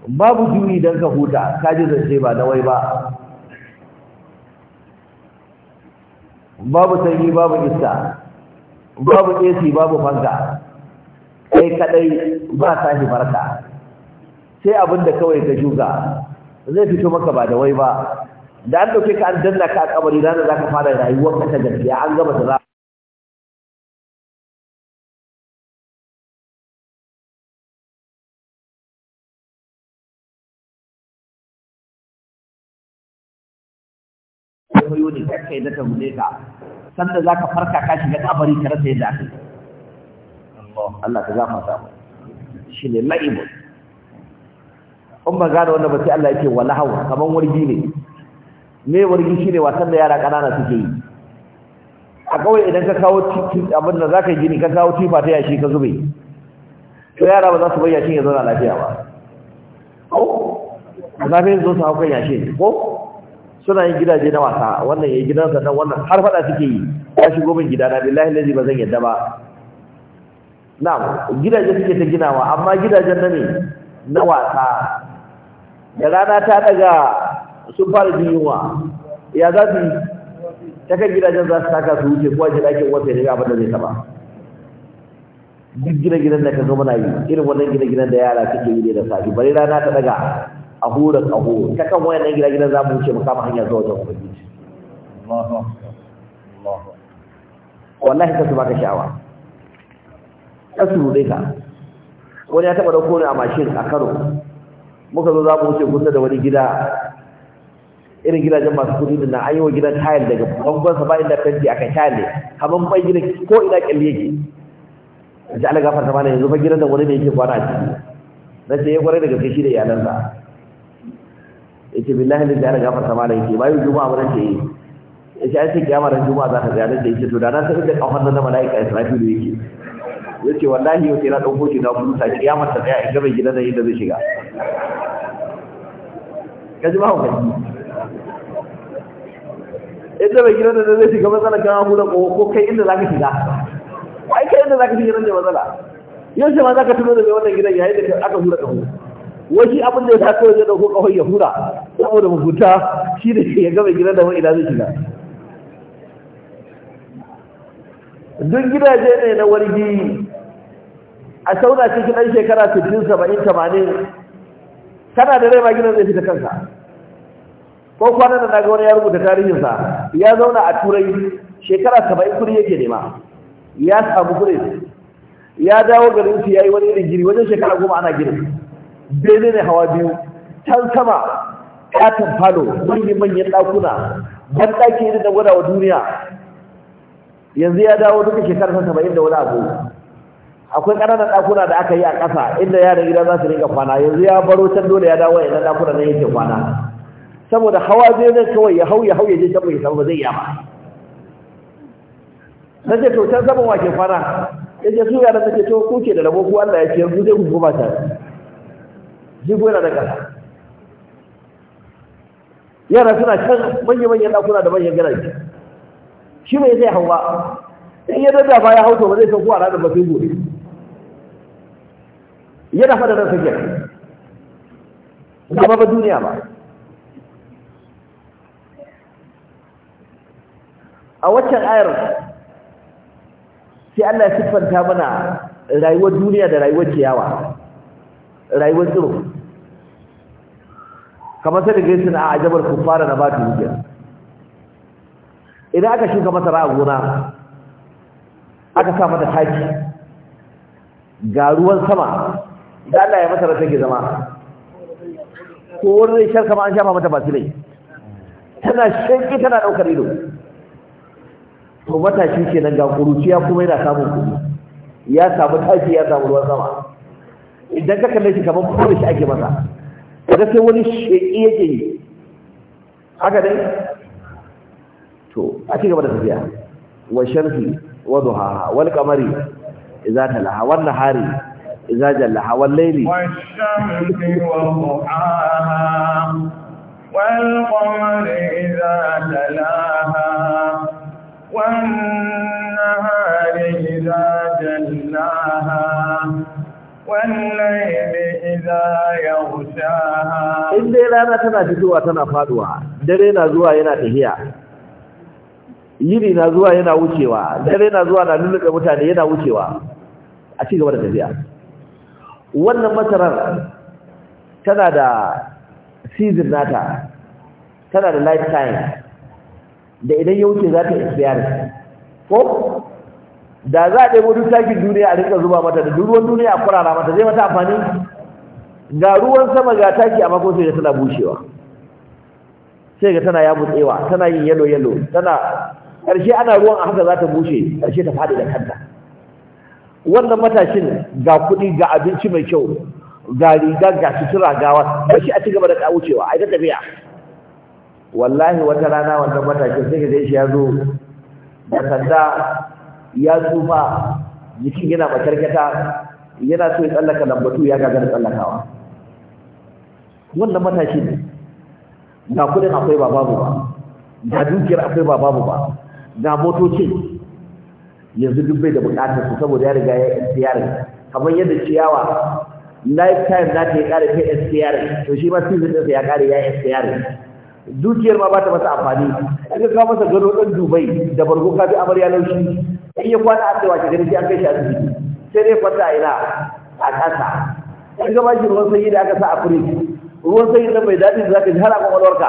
B: babu juyi don ka huta ka ji zance ba da wai ba babu sanyi babu iska babu ac babu fanka kadai ba shi barka sai abin da kawai ka juga zai fito maka ba da wai ba da an dauke ka an danna ka a kabari ranar za ka fara rayuwar ka ta gaskiya an gama da za kai da tambaye ka sanda zaka farka ka shiga kabari ka rasa yadda ake Allah ka gafarta mu shine la'ibun in ba gane wanda ba sai Allah yake wala hawa kaman wargi ne me wargi shine wasan da yara kanana suke yi a kawai idan ka kawo abin da zaka gini ka kawo tifa ta yashi ka zube to yara ba za su bayyana shi ya zauna lafiya ba ko lafiya zo su hauka yashi ko suna yin gidaje na wasa wannan yayi gidansa nan wannan har fada suke yi ya shigo min gidana billahi lazi ba zan yadda ba na gidaje suke ta ginawa amma gidajen na ne na wasa da rana ta daga su fara biyuwa ya za su ta kan gidajen za su taka su wuce kuwa shi ɗakin wata ya abin da zai taba duk gine-ginen da ka zo muna yi irin wannan gine-ginen da yara suke yi ne da safi bari rana ta daga a hura ƙaho ta kan nan gine-ginen za mu wuce mu kama hanyar zuwa wajen ubangiji wallahi ta su baka sha'awa ɗasu ne ka wani ya taɓa ɗauko ne a mashin a kano muka zo za mu wuce kusa da wani gida irin gidajen masu kuɗi da na an wa gidan tayar daga bangon sa ba inda fenti aka tayar ne kamar bai gidan ko ina kyalli yake da ala gafar ta mana yanzu fa gidan da wani ne yake kwana a ciki na ce ya eh, kwarai da gaske shi da iyalansa ya ce billahi da ji ala gafar ta mana yake bayan juma'a mana ce yi ya ce an ce kiyama ran juma'a za ka ziyarar da ya ce to da na sanin da kawar da na mala'ika israfilu yake ya ce wallahi yau sai na dauko shi na buta ya mata tsaya in gaba gidan da yadda zai shiga ka ji mahaukar inda bai gidan da zai shiga matsala kan abu da ko kai inda za ka shiga ai kai inda za ka shiga da matsala yau shi ma za ka tuno da mai wannan gidan yayin da aka hura ƙaho wani abin da ya sa kawai zai ɗauko ƙahon ya hura saboda mafuta shi da ya gaba gidan da wani ina zai shiga duk gidaje ne na wargi a sauna cikin ɗan shekara 60 70 tamanin, kana da rai ma gidan zai fita kansa ko kwanan da naga wani ya rubuta tarihinsa ya zauna a turai shekara 70 kudi yake nema ya samu kudi ya dawo garin su yayi wani irin gini wajen shekara goma ana girin bene ne hawa biyu can sama katon falo wani manyan ɗakuna ban ɗaki irin na gwada wa duniya yanzu ya dawo duka shekarar sabain da wani abu akwai ƙananan ɗakuna da aka yi a ƙasa inda yaran gida za su rinka kwana yanzu ya baro can dole ya dawo ya ɗakuna na yake kwana saboda hawa zai zai kawai ya hau ya hau ya je can bai samu zai yama na ce to can saman wake kwana ya ce su yaran ta ke to kuke ke da rabo ku Allah ya ce yanzu zai ku goma ta jigo yana da ƙasa yara suna can manya-manyan ɗakuna da manyan gidaje shi mai zai hawa in ya dada ba ya hau to ba zai san ko a ranar ba gobe yana fada ransa kenan ba ba duniya ba a waccan ayar sai Allah ya siffanta mana rayuwar duniya da rayuwar ciyawa rayuwar tsiro kamar sai da gaisu na ajabar kufara na batu dukiya idan aka shuka masara a gona aka sa mata taki ga ruwan sama da Allah ya masa rashin ke zama ko wani sharka ma an shafa mata silai tana shanki tana daukar ido to matashi ke nan ga kuruciya kuma yana samun kuɗi ya samu tashi ya samu ruwan sama idan ka kalle shi kamar kuma shi ake masa kaga sai wani sheƙi yake yi haka dai to a ci gaba da tafiya wa sharfi wa duha wal qamari idza talaha wan nahari إذا جل جلها الليل
A: والشمس وضحاها والقمر إذا تلاها والنهار إذا جلاها والليل إذا يغشاها
B: إن دي لانا تنا تدوى تنا فادوى درينا زوى ينا تهيا yiri na zuwa yana wucewa dare na zuwa na nuna mutane yana wucewa a cigaba da tafiya wannan masarar tana da season nata tana da lifetime da idan ya wuce za ta expire ko da za a ɗebo duk takin duniya a rika zuba mata da ruwan duniya a kurara mata zai mata amfani ga ruwan sama ga taki a mako sai ga tana bushewa sai ga tana tsewa tana yin yalo yalo tana ƙarshe ana ruwan a haka za ta bushe ƙarshe ta faɗi da kanta wannan matashin ga kuɗi ga abinci mai kyau ga riga ga sutura ga wasu shi a cigaba da ka wucewa a ita tafiya wallahi wata rana wannan matashin sai ga shi ya zo da sanda ya tsufa jikin yana makarkata yana so ya tsallaka lambatu ya gagara tsallakawa wannan matashin ga kuɗin akwai ba babu ba ga dukiyar akwai ba babu ba ga motocin yanzu duk bai da bukatar su saboda ya riga ya expiring kamar yadda ciyawa lifetime za ta yi kare ta expiring to shi ma season ɗinsa ya kare ya expiring dukiyar ma ba ta masa amfani in ka kawo masa gado ɗan dubai da bargo ka bi amarya laushi in ya kwana a tsawa ki gani sai an kai shi a asibiti sai dai kwanta a ina a ƙasa in ka ba shi ruwan sanyi da aka sa a kure. ruwan sanyi nan mai daɗi da zaka ji har akan walwarka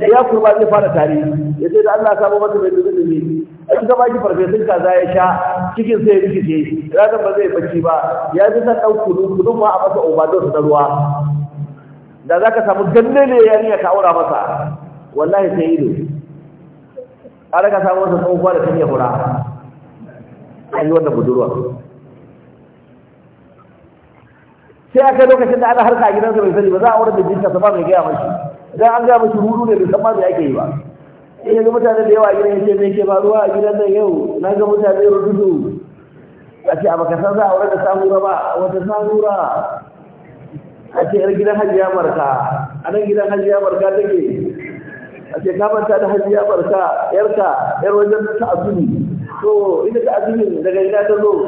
B: da ya kurba zai fara tari ya sai da Allah ya samu masa mai dumi a ka baki farfesun kaza ya sha cikin sai ya rikice ranar ba zai bacci ba ya ji san ɗan kudu kudun ma a masa overdose na ruwa da za samu ganne ne ya riya ka aura masa wallahi sai ido ƙara ka samu wata tsohuwa da ta iya hura ayi yi wannan budurwa sai aka lokacin da ana harka a gidansa bai sani ba za a wurin da jinta sa ba mai gaya mashi idan an gaya mashi hudu ne bai san ma me ake yi ba in ga mutane da yawa a gidan yake me ke faruwa a gidan nan yau na ga mutane dudu a ce a baka san za a wurin da samura ba wata samura? a ce yar gidan hajiya barka a nan gidan hajiya barka take a ce ka manta da hajiya barka yarka yar wajen ta azumi to ita ta daga ina ta zo [laughs]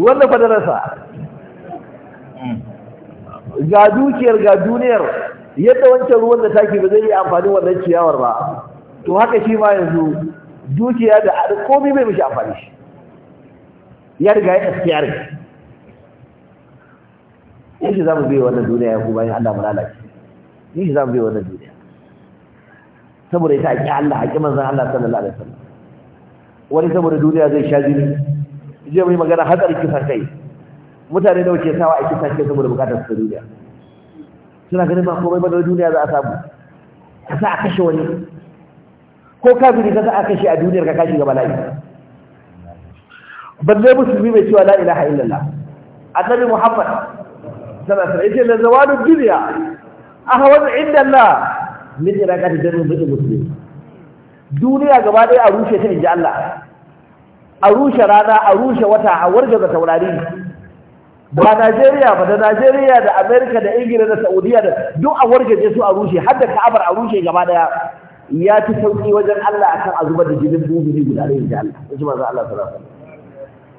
B: wannan rasa hmm. ga dukiyar ga duniyar yadda wancan ruwan da taki ba zai yi amfani wannan ciyawar ba to haka shi ma yanzu dukiya da komai bai mishi amfani shi ya riga ya askiyar yake za mu bai wannan duniya ya kuma yin Allah mu lalace ni shi za mu bai wannan duniya saboda ita haƙi Allah haƙi manzan Allah sallallahu alaihi wasallam wani saboda duniya zai sha jini je mai magana hatsari kisan kai mutane nawa ke sawa a kisan kai saboda bukatar su duniya suna ganin ba komai ba da duniya za a samu ka sa a kashe wani ko kafiri ka sa a kashe a duniyar ka kashi ga bala'i balle musulmi mai cewa la ilaha illallah annabi muhammad sallallahu alaihi wasallam yace la zawadu dunya ahwaz inda Allah min da darbu bil musulmi duniya gaba ɗaya a rushe ta inji Allah a rushe rana a rushe wata a da taurari ba Najeriya ba da Najeriya da Amerika da Ingila da Saudiya da duk a je su a rushe har da Ka'abar a rushe gaba daya ya ci sauki wajen Allah akan a da jinin bubiri guda ɗaya inji Allah in ji manzo Allah sallallahu alaihi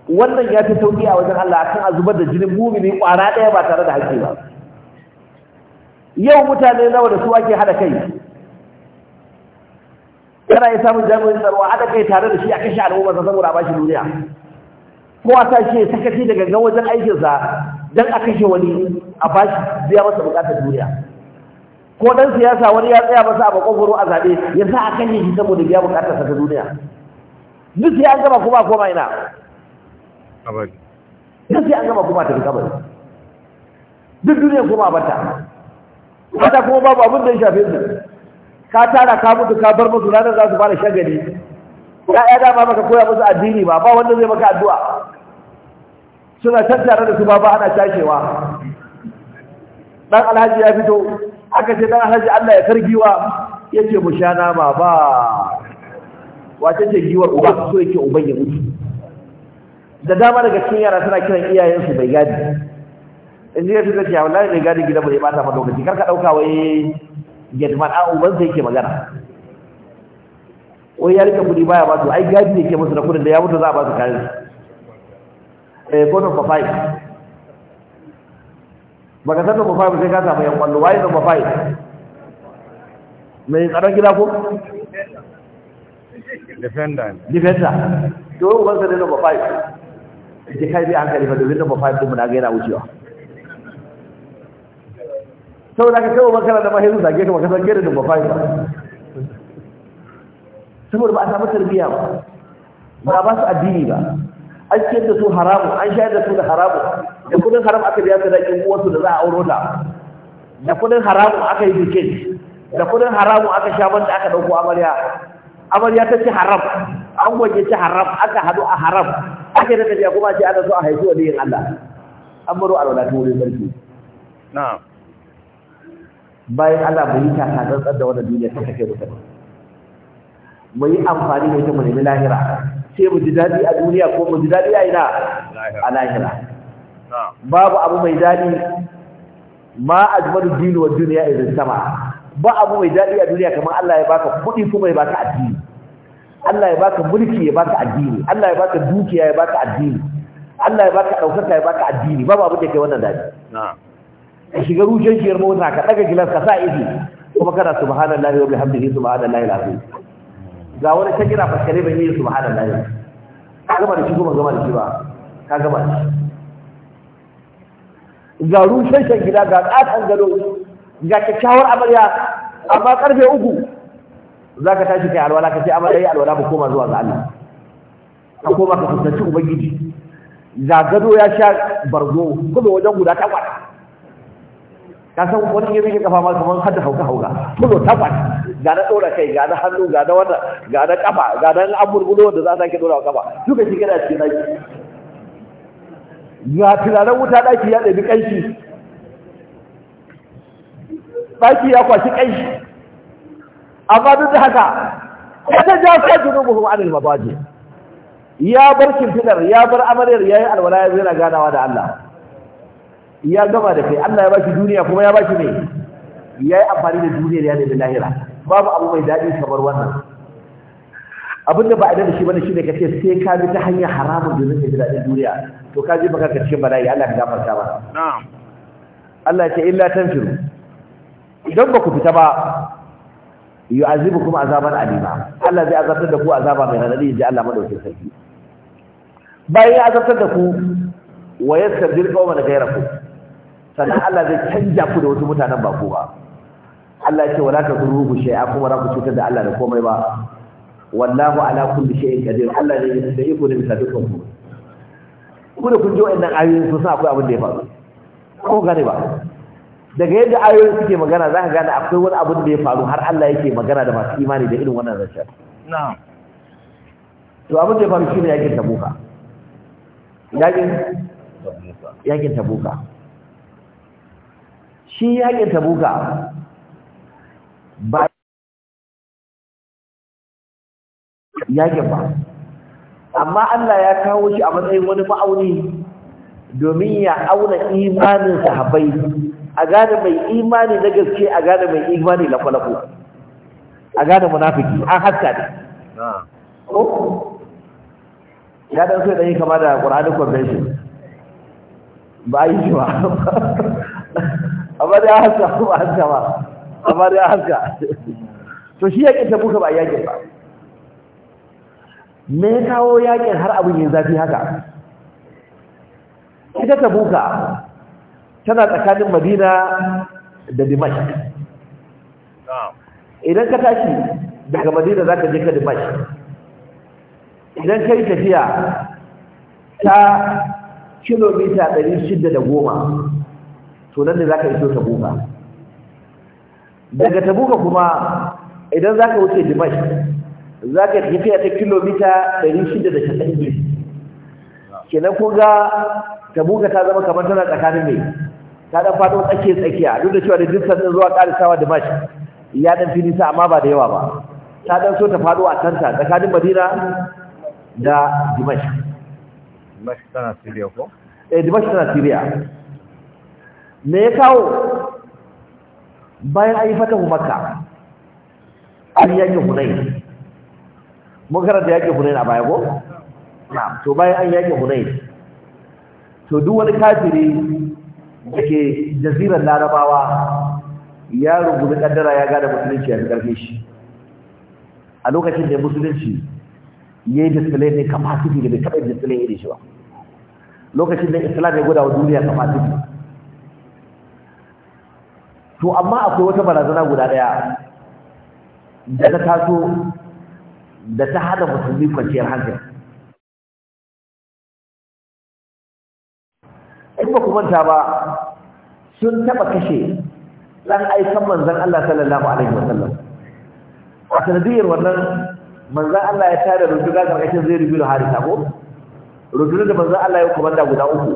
B: wasallam wannan ya ci sauki a wajen Allah akan a da jinin bubiri ƙwara ɗaya ba tare da hakki ba yau mutane nawa da su ake hada kai kana ya samun jami'in tsaro a hada kai tare da shi a kashe al'umma sa saboda a bashi duniya ko a tashi ya sakaci daga gan wajen aikinsa don a kashe wani a bashi biya masa bukatar duniya ko dan siyasa wani ya tsaya masa a makogoro a zaɓe ya sa a kashe shi saboda biya bukatar sa ta duniya duk sai an gama kuma koma ina duk sai an gama kuma ta kabari duk duniya kuma a bata mata kuma babu abin da ya shafe su ka tara ka mutu ka bar musu ranar za su fara shagali ya'ya dama maka koya musu addini ba ba wanda zai maka addu'a suna tattare da su ba ba ana cashewa dan alhaji ya fito aka ce dan alhaji Allah ya kargiwa yace mu sha nama ba wace ce giwar uba so yake uban ya mutu da dama daga cikin yara suna kiran iyayensu bai gadi in ya fi cewa wallahi mai gadi gidan ba zai bata ma lokaci kar ka ɗauka wai gedman a uban sai yake magana wai ya rika kuɗi baya ba su ai gadi ke musu na kudin da ya mutu za a ba su kayan eh ko number five baka san number five sai ka samu yan kwallo wai number five mai tsaron gida ko defender defender to uban sai number five ita kai bi an ba domin number five din mu na ga yana wucewa saboda ka kawo bakara da mahaifin zage ka baka san da bafai ba saboda ba a samu tarbiyya ba ba ba su addini ba an ciyar da su haramu an shayar da su da haramu da kudin haram aka biya da ƙin uwarsu da za a auro ta da kudin haramu aka yi bikin da kudin haramu aka sha banda aka dauko amarya amarya ta ci haram an gwaje ci haram aka hadu a haram ake da tafiya kuma ce ana so a haifi waliyin Allah an baro alwala ta wurin sarki na'am bayan Allah bai yi taka tsantsar da wannan duniya ta kai mutane mu yi amfani da ita mu nemi lahira sai mu ji daɗi a duniya ko mu ji daɗi a ina a lahira babu abu mai daɗi ma ajmalu dinu wa duniya idan sama ba abu mai daɗi a duniya kamar Allah ya baka kudi kuma ya baka addini Allah ya baka mulki ya baka addini Allah ya baka dukiya ya baka addini Allah ya baka ɗaukaka ya baka addini babu abu da ke wannan dadi na'am ka shiga rushashiyar mota ka daga gilas ka sa ido kuma kana subhanallahi wa bihamdihi subhanallahi alazim ga wani ta kira faskare ban yi subhanallahi ka gama da shi kuma gama da shi ba ka gama da shi ga shan gida ga katan gado ga kyakkyawar amarya amma karfe uku za ka tashi kai alwala ka ce amarya yi alwala ba koma zuwa ga Allah ka koma ka fuskanci ubangiji ga gado ya sha bargo kuma wajen guda ta kwata ka san wani ya rike kafa masu man hada hauka hauka tulo tabbas ga na dora kai ga na hannu ga na wata, ga na kafa ga na amurgulo da za ta ke dora kafa duka shi kana cikin daki ga tunanin wuta daki ya ɗabi kanshi
C: daki ya kwashi kanshi
B: amma duk da haka kada ja sa junubuhum anil mabaji ya bar kimfinar ya bar amaryar yi alwala ya zai ganawa da Allah ya gama da kai Allah ya bashi duniya kuma ya bashi ne ya yi amfani da duniyar ya nemi lahira babu abu mai daɗi kamar wannan abin ba a da shi bane shi ne ka sai ka bi ta hanyar haramun da zai ji daɗin duniya to ka je baka ka cikin bala'i Allah ka gafarta ba Allah ya ce illa tanfiru idan ba ku fita ba yu'azibukum azaban alima Allah zai azabtar da ku azaba mai radadi ji Allah madaukakin sarki bayan ya azabtar da ku wa yastabil qauman ghayrakum sannan Allah zai canja ku da wasu mutanen ba ku ba Allah ya ce wala ta zuru ku shay'a kuma za ku cutar da Allah da komai ba wallahu ala kulli shay'in qadir Allah ne da iko da bisa dukkan ku ku da kun ji nan ayoyin sun san akwai abin da ya faru ko gane ba daga yadda ayoyin suke magana za ka gane akwai wani abin da ya faru har Allah yake magana da masu imani da irin wannan zancen na'am to abin da ya faru shine yakin tabuka yakin yakin tabuka shi yakin tabuka ba
D: yaƙin ba amma
B: Allah ya kawo shi a matsayin wani ma'auni domin ya auna imanin sahabbai a gane mai imani na gaske a gane mai imani lafalafo a gane munafiki an haska ne ya ɗan sai dan yi kama da Qur'anic convention ba yi shi ba [laughs] amma dai haka ba haska ba amma ya haska to shi yakin buka ba yakin ba me ya kawo yakin har abin yin zafi haka ita buka tana tsakanin madina da Dimash, idan ka tashi daga madina za ka je ka Dimash, idan ka yi tafiya ta kilomita 610 to nan ne za ka iso tabuka daga tabuka kuma idan za ka wuce dimash za ka tafiya ta kilomita 690 kenan ko ga tabuka ta zama kamar tana tsakanin ne ta dan fado tsakiya tsakiya duk da cewa da dukkan din zuwa karisawa dimash ya dan fini sa amma ba da yawa ba ta dan so ta fado a kanta tsakanin madina da dimash
C: dimash tana siriya ko
B: eh dimash tana siriya me ya kawo bayan ayi fatahu makka an yaki hunain mun karanta yaki hunain a baya ko na to bayan an yaki hunain to duk wani kafiri da ke jazirar larabawa ya rubuta kaddara ya gada musulunci ya fi karfe shi a lokacin da musulunci ya yi display ne capacity da bai taɓa display irin shi ba lokacin da islam ya gwada wa duniya capacity to amma akwai wata barazana guda daya da ta taso da ta hada musulmi kwanciyar hankali
D: in ba ku manta ba
B: sun taba kashe dan aikan manzon Allah sallallahu alaihi wasallam a sanadiyar wannan manzon Allah ya tare rundunar karkashin zai rubi da harisa ko rundunar da manzon Allah ya komanda guda uku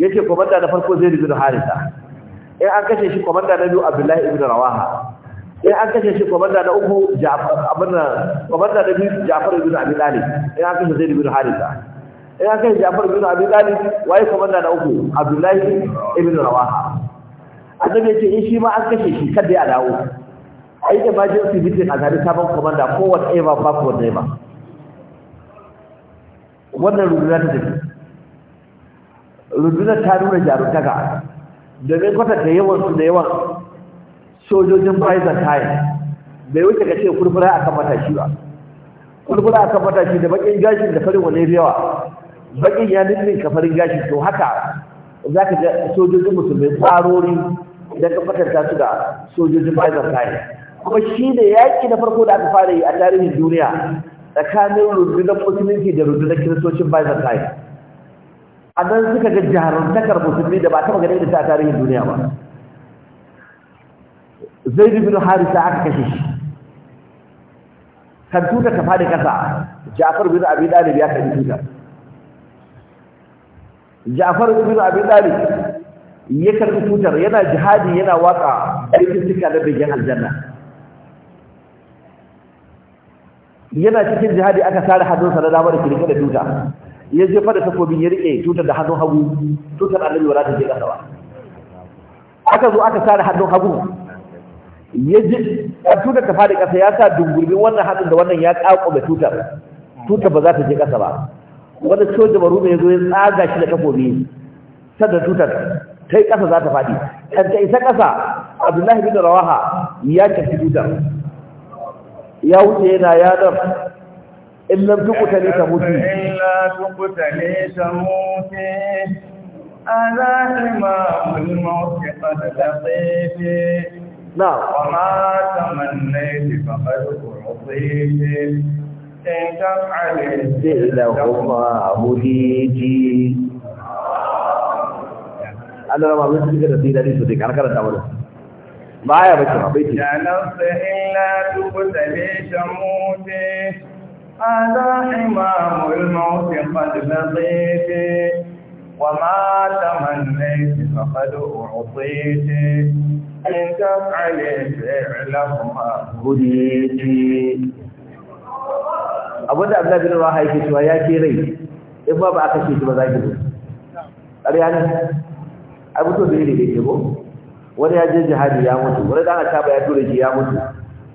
B: yace komanda na farko zai rubi da harisa in an kashe shi komanda na biyu abdullahi ibn rawaha in an kashe shi komanda na uku komanda na biyu jafar ibn abi talib in an kashe zaid ibn harisa in an kashe jafar ibn abi talib waye komanda na uku abdullahi ibn rawaha annabi ce in shi ma an kashe shi kada ya dawo ai da emergency meeting a gari sabon komanda ko whatever back whatever wannan rundunar ta tafi rundunar ta nuna jarumtaka. domin kwatanta yawansu da yawan sojojin byzantine bai wuce ka ce kurkura a kan matashi ba kurkura a kan matashi da bakin gashin da farin wane yawa bakin ya nufin ka farin gashi to haka za ka ga sojojin musulmi tsarori idan ka kwatanta su da sojojin byzantine kuma shi da yaƙi na farko da aka fara yi a tarihin duniya tsakanin rundunar musulunci da rundunar kiristocin byzantine a nan suka ga jarumtakar musulmi da ba taɓa ganin da ta tarihin duniya ba zai bin harisa aka kashe shi kan tuta ka faɗi ƙasa jafar bin abi ɗalib ya kan tuta jafar bin abi ɗalib ya karɓi tutar yana jihadi yana waka cika na begen aljanna yana cikin jihadi aka sare hannunsa na damar da kirkira da tuta ya jefa da takobin ya rike tutar da hannun hagu tutar annabi wala ta je kasa ba aka zo aka sare hannun hagu ya a tutar ta fadi kasa ya sa dungurbin wannan hannun da wannan ya da tutar tutar ba za ta je kasa ba wani soja ne ya zo ya tsaga shi da takobi sada tutar ta yi kasa za ta fadi kan ta isa kasa abdullahi bin rawaha ya tafi tutar ya wuce yana yanar إن لم تقتل تموتي إن
A: لا تقتل تموتي أنا إمام الموت قد لقيتي نعم وما تمنيت فقد أعطيتي إن تفعل
B: فعلهما هديتي أنا rama mun cika da tsira ne sosai kana karanta أقول لك bace ba baiti
A: ya nafsi illa tubtali tamuti هذا حمام الموت قد لقيت وما تمنيت فقد أعطيت إن تفعلي هديت
B: abdullahi bin rawaha yake cewa ya ke rai in ba ba aka ce shi ba za ki zo ƙarya ne abu to bai da ke ko wani ya je jihadi ya mutu wani dan taba ya tura shi ya mutu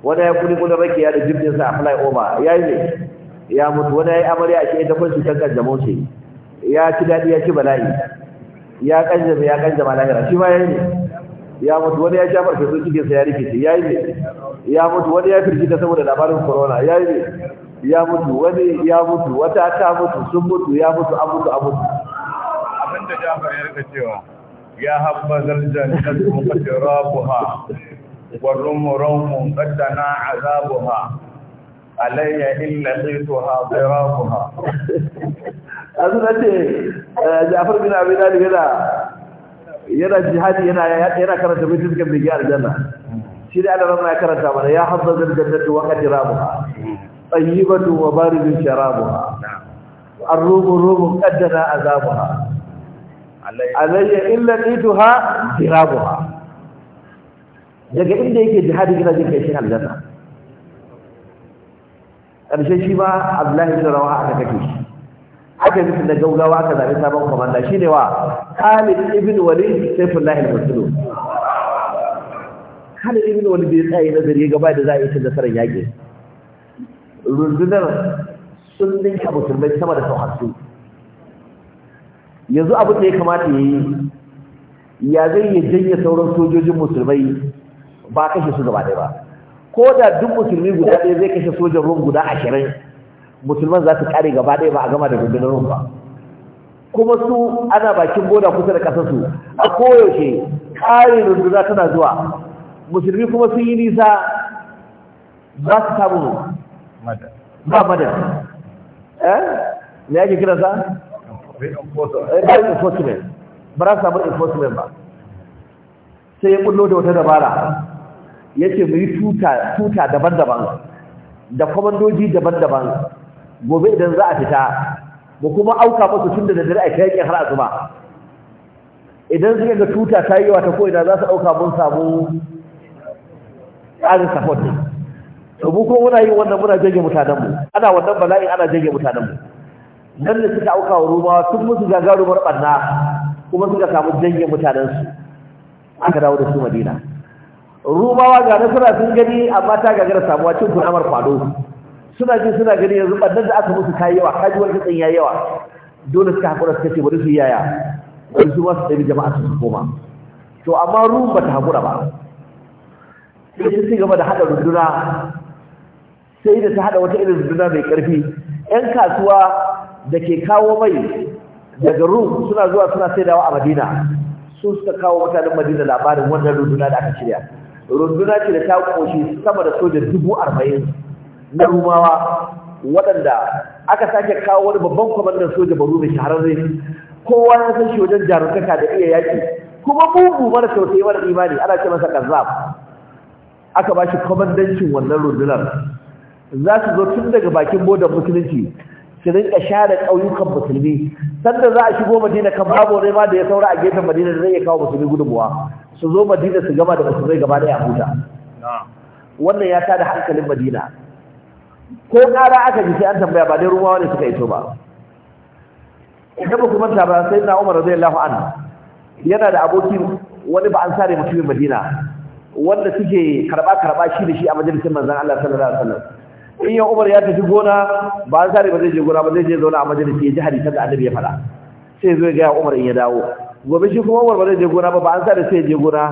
B: wani ya kuni kuna ya da jirgin sa a fly over ya yi ne ya mutu wani ya yi amarya a shi ita kun cutar kanjamau ce ya ci daɗi ya ci bala'i ya kanjama ya kanjama lahira shi ma ya yi ne ya mutu wani ya shafar farfesun cikin sa ya rikice ya yi ne ya mutu wani ya ta saboda labarin corona ya yi ne ya mutu wani ya mutu wata ta mutu sun mutu ya mutu an mutu an mutu
A: abinda jafar ya rika cewa ya habbazar jannatu qad rabuha wa rumu rumu a dana
B: azabuha علي إلا قيتها ضرابها [laughs] أذنتي آه، جعفر بن عبد الله هنا هنا الجهاد هنا هنا كانت تبتز كم بجار جنة سيدي أنا لما كانت تعمل يا حظ الجنة وقجرابها طيبة وبارد شرابها نعم. الروم الروم قدنا عذابها علي إلا قيتها ضرابها لكن عندما يكون جهاد هنا جنة Karshe shi ma abdullahi bin rawa aka kake shi aka yi da gaugawa aka zaɓi sabon komanda shi ne wa khalid ibn walid saifullahi al-muslim khalid ibn walid bai tsaye nazari gaba da za a yi cin nasarar yaƙi rundunar sun ninka musulmai sama da sau yanzu abin da ya kamata ya yi ya zai yi janye sauran sojojin musulmai ba kashe su gaba ɗaya ba ko da duk musulmi guda ɗaya zai kashe sojan ruwan guda ashirin musulman za su kare gaba ɗaya ba a gama da rundunar ruwan ba kuma su ana bakin boda kusa da su a koyaushe kare runduna tana zuwa musulmi kuma sun yi nisa za su samu ba madar eh ne yake kira sa enforcement ba za su samu enforcement ba sai ya kullo da wata dabara yace mu yi tuta tuta daban-daban da komandoji daban-daban gobe idan za a fita mu kuma auka musu tunda da dare a kai har asuba idan suka ga tuta ta yi wata ko'ina za su auka mun samu tsarin support ne to mu ko muna yin wannan muna jage mutanenmu ana wannan bala'in ana jage mutanenmu nan da suka auka wa rumawa sun musu gagarumar ɓanna kuma suka samu jage mutanensu aka dawo da su madina rumawa ga nasara sun gani amma ta gagara samuwa cin kunamar kwado suna jin suna gani yanzu ɓannan da aka musu ta yawa wani kitsin ya yawa dole suka haƙura suka ce bari su yaya bari su masu ɗari jama'a su koma to amma rum ba ta haƙura ba sai ta ci gaba da haɗa runduna sai da ta haɗa wata irin runduna mai ƙarfi 'yan kasuwa da ke kawo mai daga ruwan suna zuwa suna saidawa a madina sun suka kawo mutanen madina labarin wannan runduna da aka shirya runduna ce da ta koshi sama da sojan dubu arba'in na rumawa waɗanda aka sake kawo wani babban kwamandan soja baro mai shahararre kowa ya san shi wajen jaruntaka da iya yaƙi kuma mugu mara tausayi mara imani ana ce masa kazzab aka ba shi kwamandancin wannan rundunar za su zo tun daga bakin bodan musulunci su rinka share ƙauyukan musulmi sanda za a shigo madina kan babu wani ma da ya saura a gefen madina da zai iya kawo musulmi gudunmuwa su zo madina su gama da zai gaba da yahuda wannan ya tada hankalin madina ko ƙara aka ji sai an tambaya ba dai rumawa ne suka iso ba idan ba kuma ba sai na umar radiyallahu anhu yana da abokin wani ba an sare mutumin madina wanda suke karba karba shi da shi a majalisar manzon Allah sallallahu alaihi wasallam in ya umar ya tafi gona ba an sare ba zai je gona ba zai je zauna a majalisi ya ji hadisan da annabi ya faɗa sai zo ga umar in ya dawo gobe shi kuma warware je gona ba ba an sa da sai ya je gona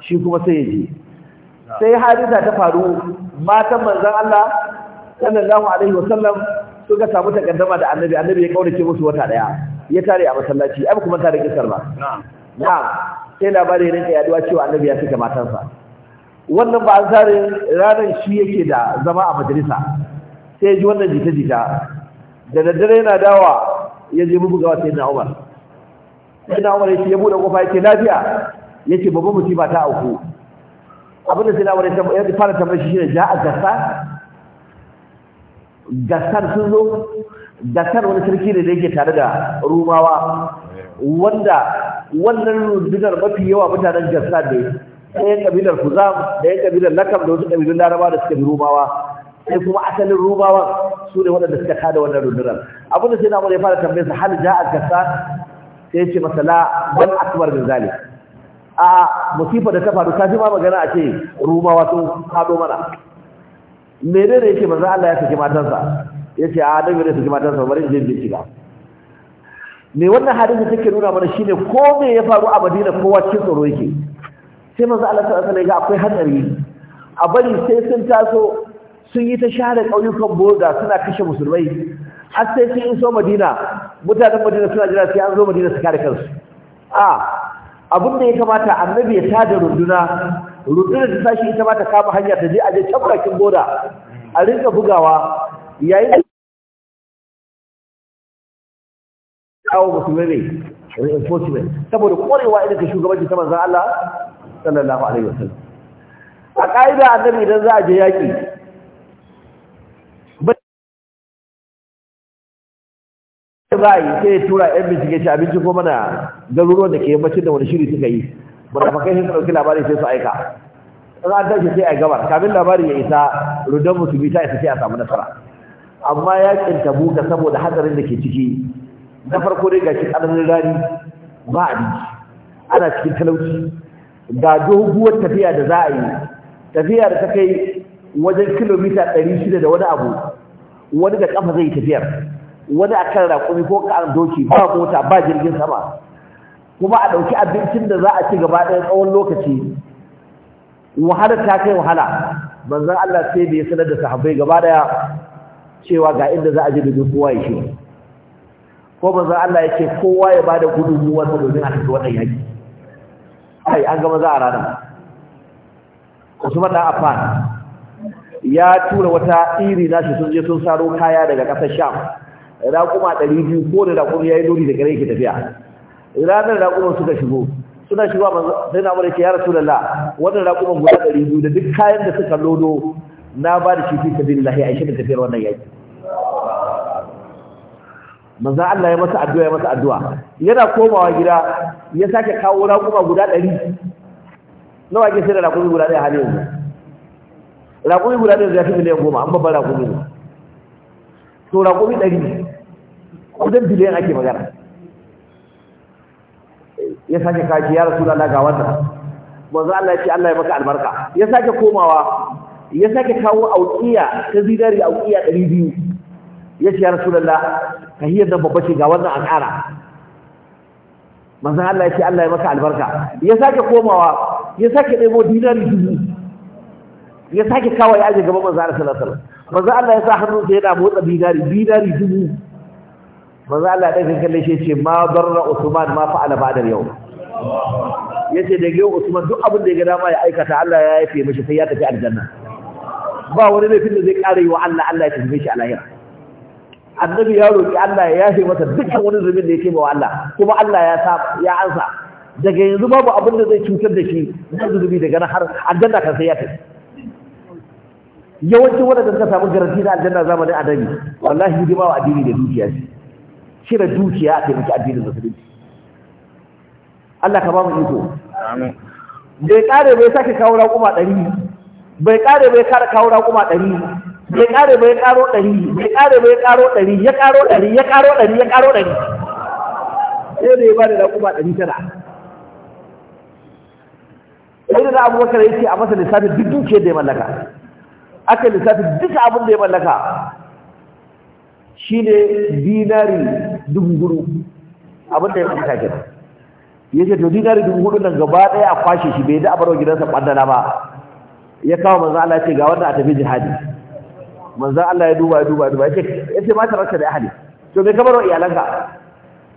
B: shi kuma sai ya je
D: sai hadisa ta faru
B: matan manzon Allah sallallahu alaihi wasallam suka samu takaddama da Annabi Annabi ya kaurace musu wata daya ya tare a masallaci ai kuma tare kisar ba na'am sai labarin rinka yaduwa cewa Annabi ya saka matansa wannan ba an sare ranar shi yake da zama a majalisa sai ya ji wannan jita-jita da daddare yana dawa ya je bubugawa sai na Umar sai na umar yace ya bude kofa ce lafiya yace babban musiba ta auku abin da sai na umar ya fara tambayar shi shine ja'a gasa gasar sun zo gasar wani sarki ne da yake tare da rumawa wanda wannan rundunar mafi yawa mutanen gasar ne ɗayan kabilar kuzam ɗayan kabilar lakam da wasu kabilun laraba da suka bi rumawa sai kuma asalin rumawa su ne waɗanda suka tada wannan rundunar abin da sai na mura ya fara tambayar sa hal ja'a gasa sai ce masa la bal akbar min zalik a musifa da ta faru ta ma magana a ce rumawa wato hado mana menene yake manzo Allah ya saki matansa yace a dan gare saki matansa bari je je shiga me wannan hadisi take nuna mana shine ko me ya faru a Madina ko wacce tsoro yake sai manzo Allah ta alaihi ga akwai hatsari a bari sai sun taso sun yi ta share ƙauyukan boda suna kashe musulmai har sai sun iso madina mutanen madina suna jira sai an zo madina su kare kansu a abin da ya kamata annabi ya tada runduna runduna ta tashi ita ma ta kama hanya ta je a je can bakin boda
D: a rinka bugawa yayin da
B: kawo musulmi ne reinforcement saboda kwarewa idan ka shugabanci ta manzan Allah sallallahu alaihi wasallam a ƙa'ida annabi idan za a je yaƙi
D: za a yi sai ya tura yan bincike ci
B: abinci ko mana garuruwan da ke yammacin da wani shiri suka yi munafakai sun ɗauki labari sai su aika za a tashi sai a gabar kamin labari ya isa rudan musulmi ta isa sai a samu nasara amma ya yakin buga, saboda hatsarin da ke ciki na farko dai gashi tsananin rani ba biki, ana cikin talauci ga doguwar tafiya da za a yi tafiya da ta kai wajen kilomita 600 da wani abu wani da kafa zai tafiyar wani a kan raƙumi ko kan doki ba mota ba jirgin sama kuma a ɗauki abincin da za a ci gaba ɗaya tsawon lokaci Wahala ta kai wahala manzon Allah sai da ya sanar da sahabbai gaba ɗaya cewa ga inda za a je domin kowa ya shi ko manzon Allah ya ce kowa ya bada gudunmuwa sa domin a tafi wannan yaki ai an gama za a ranar Usman da Affan ya tura wata iri nashi sun je sun saro kaya daga ƙasar Sham raƙuma ɗari biyu ko da raƙumi ya yi lori da gare ke tafiya ranar Raƙuma suka shigo suna shigo a sai na wani ke ya rasu lalla wannan Raƙuma guda ɗari biyu da duk kayan da suka lodo na ba da shi fita bin lahi a da tafiyar wannan yaƙi manzan Allah ya masa addu'a ya masa addu'a yana komawa gida ya sake kawo raƙuma guda ɗari nawa ke sai da raƙumi guda ɗaya hali yanzu raƙumi guda ɗaya ya fi miliyan goma an babban raƙumi ne to raƙumi ɗari wajen biliyan ake magana ya sake kashi ya rasu ga wannan manzo Allah ya ce Allah ya maka albarka ya sake komawa ya sake kawo aukiya ta zinari ɗari biyu. ya ce ya rasu ka hiyar da babba ce ga wannan a ƙara manzo Allah ya ce Allah ya maka albarka ya sake komawa ya sake ɗebo dinari dubu ya sake kawo ya ajiye gaba maza Allah sallallahu alaihi Allah ya sa hannunsa yana motsa dinari dinari dubu manzo Allah da kan kalle shi ce ma darra Usman ma fa'ala ba'da yau yace da yau Usman duk abin da ya ga dama ya aikata Allah ya yafe mishi sai ya tafi aljanna ba wani laifin da zai kare wa Allah Allah ya tafi shi a lahira annabi ya roki Allah ya yafe masa dukkan wani zubin da yake ba Allah kuma Allah ya sa ya ansa daga yanzu babu abin da zai cutar da shi na zubi daga na har aljanna kan sai ya tafi yawancin wanda ka samu garanti na aljanna zamanin annabi wallahi hidima wa addini da dukiya ce cire dukiya a taimaki addinin musulunci Allah ka ba mu iko bai kare bai sake kawo raƙuma 100 bai kare bai kare kawo raƙuma 100 bai kare bai karo 100 bai kare bai karo 100 ya karo 100 ya karo 100 ya karo 100 sai da ya ba da raƙuma 100 tara sai da abubakar ya yake a masa lissafin duk dukiyar da ya mallaka aka lissafin duka abin da ya mallaka shi ne dinari dubu gudu. abinda ya fahimta ke ya ce to dinari dubu gudu nan gaba ɗaya a kwashe shi bai da abarwa gidansa ɓandana ba ya kawo manzan Allah ya ce ga wannan a tafi jihadi manzan Allah ya duba ya duba ya duba ya ce ma tarakta da ahali to mai kamar wa iyalanka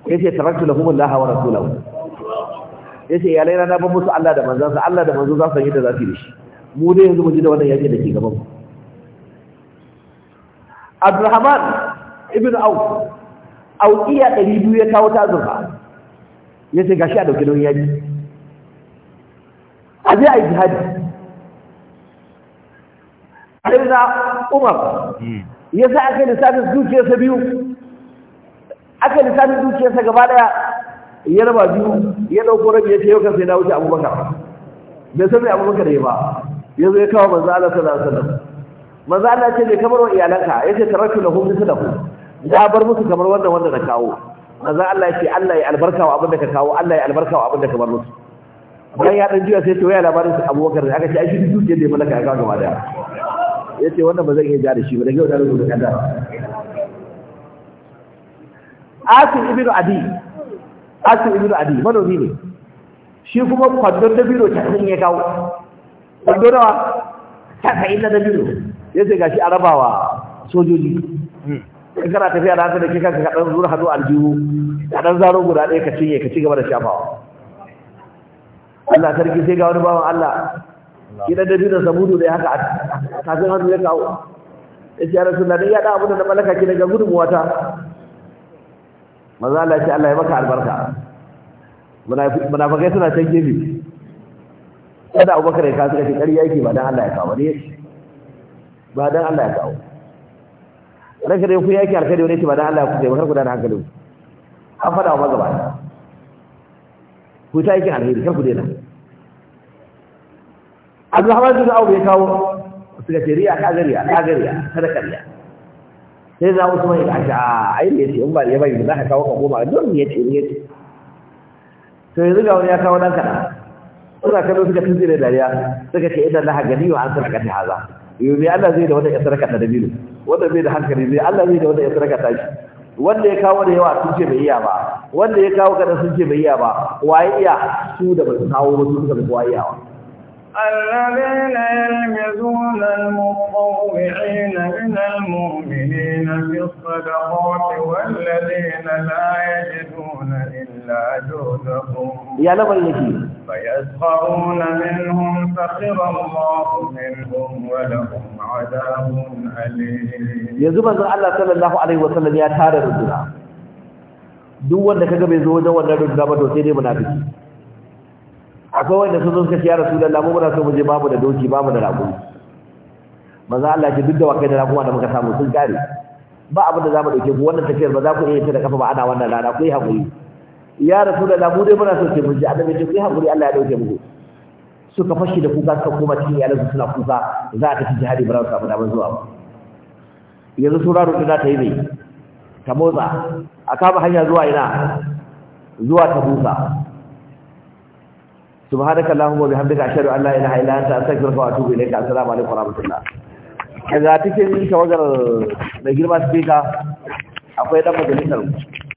B: ya ce tarakta lahumun laha wa rasulahu ya ce iyalai na ban musu Allah da manzansa Allah da manzo za su yi da za su yi da shi mu dai yanzu mu ji da wannan yaƙi da ke gaban mu Abdulrahman ibn auf auqiya 200 ya kawo ta zurfa yace gashi a dauke don yaji a a jihadi sai umar ya sa aka lissafin sa biyu aka lissafin sa gaba daya ya raba biyu ya dauko rabi ya ce yau kan sai na wuce abubakar bai san mai abubakar ya ba ya zo ya kawo manzo Allah sallallahu alaihi wasallam manzo Allah ce bai kamar wa iyalanka yace taraktu lahum mithlahu ya bar musu kamar wannan wanda ka kawo manzon Allah ya ce Allah ya albarka wa abin da ka kawo Allah ya albarka wa abin da ka bar musu bayan ya dan jiya sai to ya labarin su Abu Bakar aka ce ai shi dukiyar da malaka ya ga gaba Ya yace wannan ba zan iya ja da shi ba da yau da rubuta kaddara Asim ibn Adi Asim ibn Adi manomi ne shi kuma kwandon dabino ta sun ya kawo kwandon nawa ta kai da biro yace gashi arabawa sojoji in kana tafiya da haka da ke kanka kaɗan zuwa hadu aljihu da ɗan zaro guda ɗaya ka cinye ka ci gaba da shafawa Allah sarki sai ga wani bawan Allah kida da dinin sabudu da haka kafin hannu ya kawo ya ce rasulullah dan ya da abu da malaka ki daga gudunmuwata maza Allah ce Allah ya maka albarka munafikai suna can gefe kada Abubakar ya kasu kace ƙarya ke ba dan Allah ya kawo ne ba dan Allah ya kawo raka dai ku yaki alkhairi wani ce ba dan Allah ku sai kar ku da hankali an faɗa wa ba ku ta yaki alheri kar ku abu Abdulrahman bin Auf ya kawo suka ce riya ka gariya ka gariya da kariya sai za mu kuma a ta ai ne ce in ba ya bai za ka kawo ka goma don ya ce ne to yanzu ga wani ya kawo dan kana suna kallo suka tunzire dariya suka ce idan la gani wa an sadaka ta haza yau bi Allah zai da wata sadaka ta biyu. wanda zai da hankali zai Allah zai da wanda ya tsaraka tashi wanda ya kawo da yawa sun ce bai iya ba wanda ya kawo kada sun ce bai iya ba waye iya su da ba su kawo ba su suka ga iya ba.
A: الذين يلمزون المطوعين من المؤمنين في الصدقات والذين لا يجدون إلا جهدهم يا لبيك فيسخرون منهم سخر الله منهم ولهم عذاب أليم يزوم الله صلى
B: الله عليه وسلم يا تارى الرجل duk wanda kaga bai zo wajen wannan rubda ba to sai dai munafiki akwai wanda sun zuwa suka ce ya rasulullah mu muna so mu babu da doki babu da rago maza Allah ke duk da wakai da rago da muka samu sun kare ba abin da za mu dauke ku wannan tafiyar ba za ku iya tada da kafa ba ana wannan rana ku yi hakuri ya da mu dai muna so ke muje adabi ce ku yi hakuri Allah ya dauke mu suka fashi da kuka suka koma cikin iyalansu suna kuka za a tafi jihadi bara za su samu zuwa yanzu sura rubu za ta yi ne ta motsa a kama hanya zuwa ina zuwa ta busa subhanaka allahumma bihamdika ashhadu an la ilaha illa anta astaghfiruka wa atubu ilayka assalamu alaikum wa rahmatullah daga cikin tawagar da girma speaker akwai dan majalisar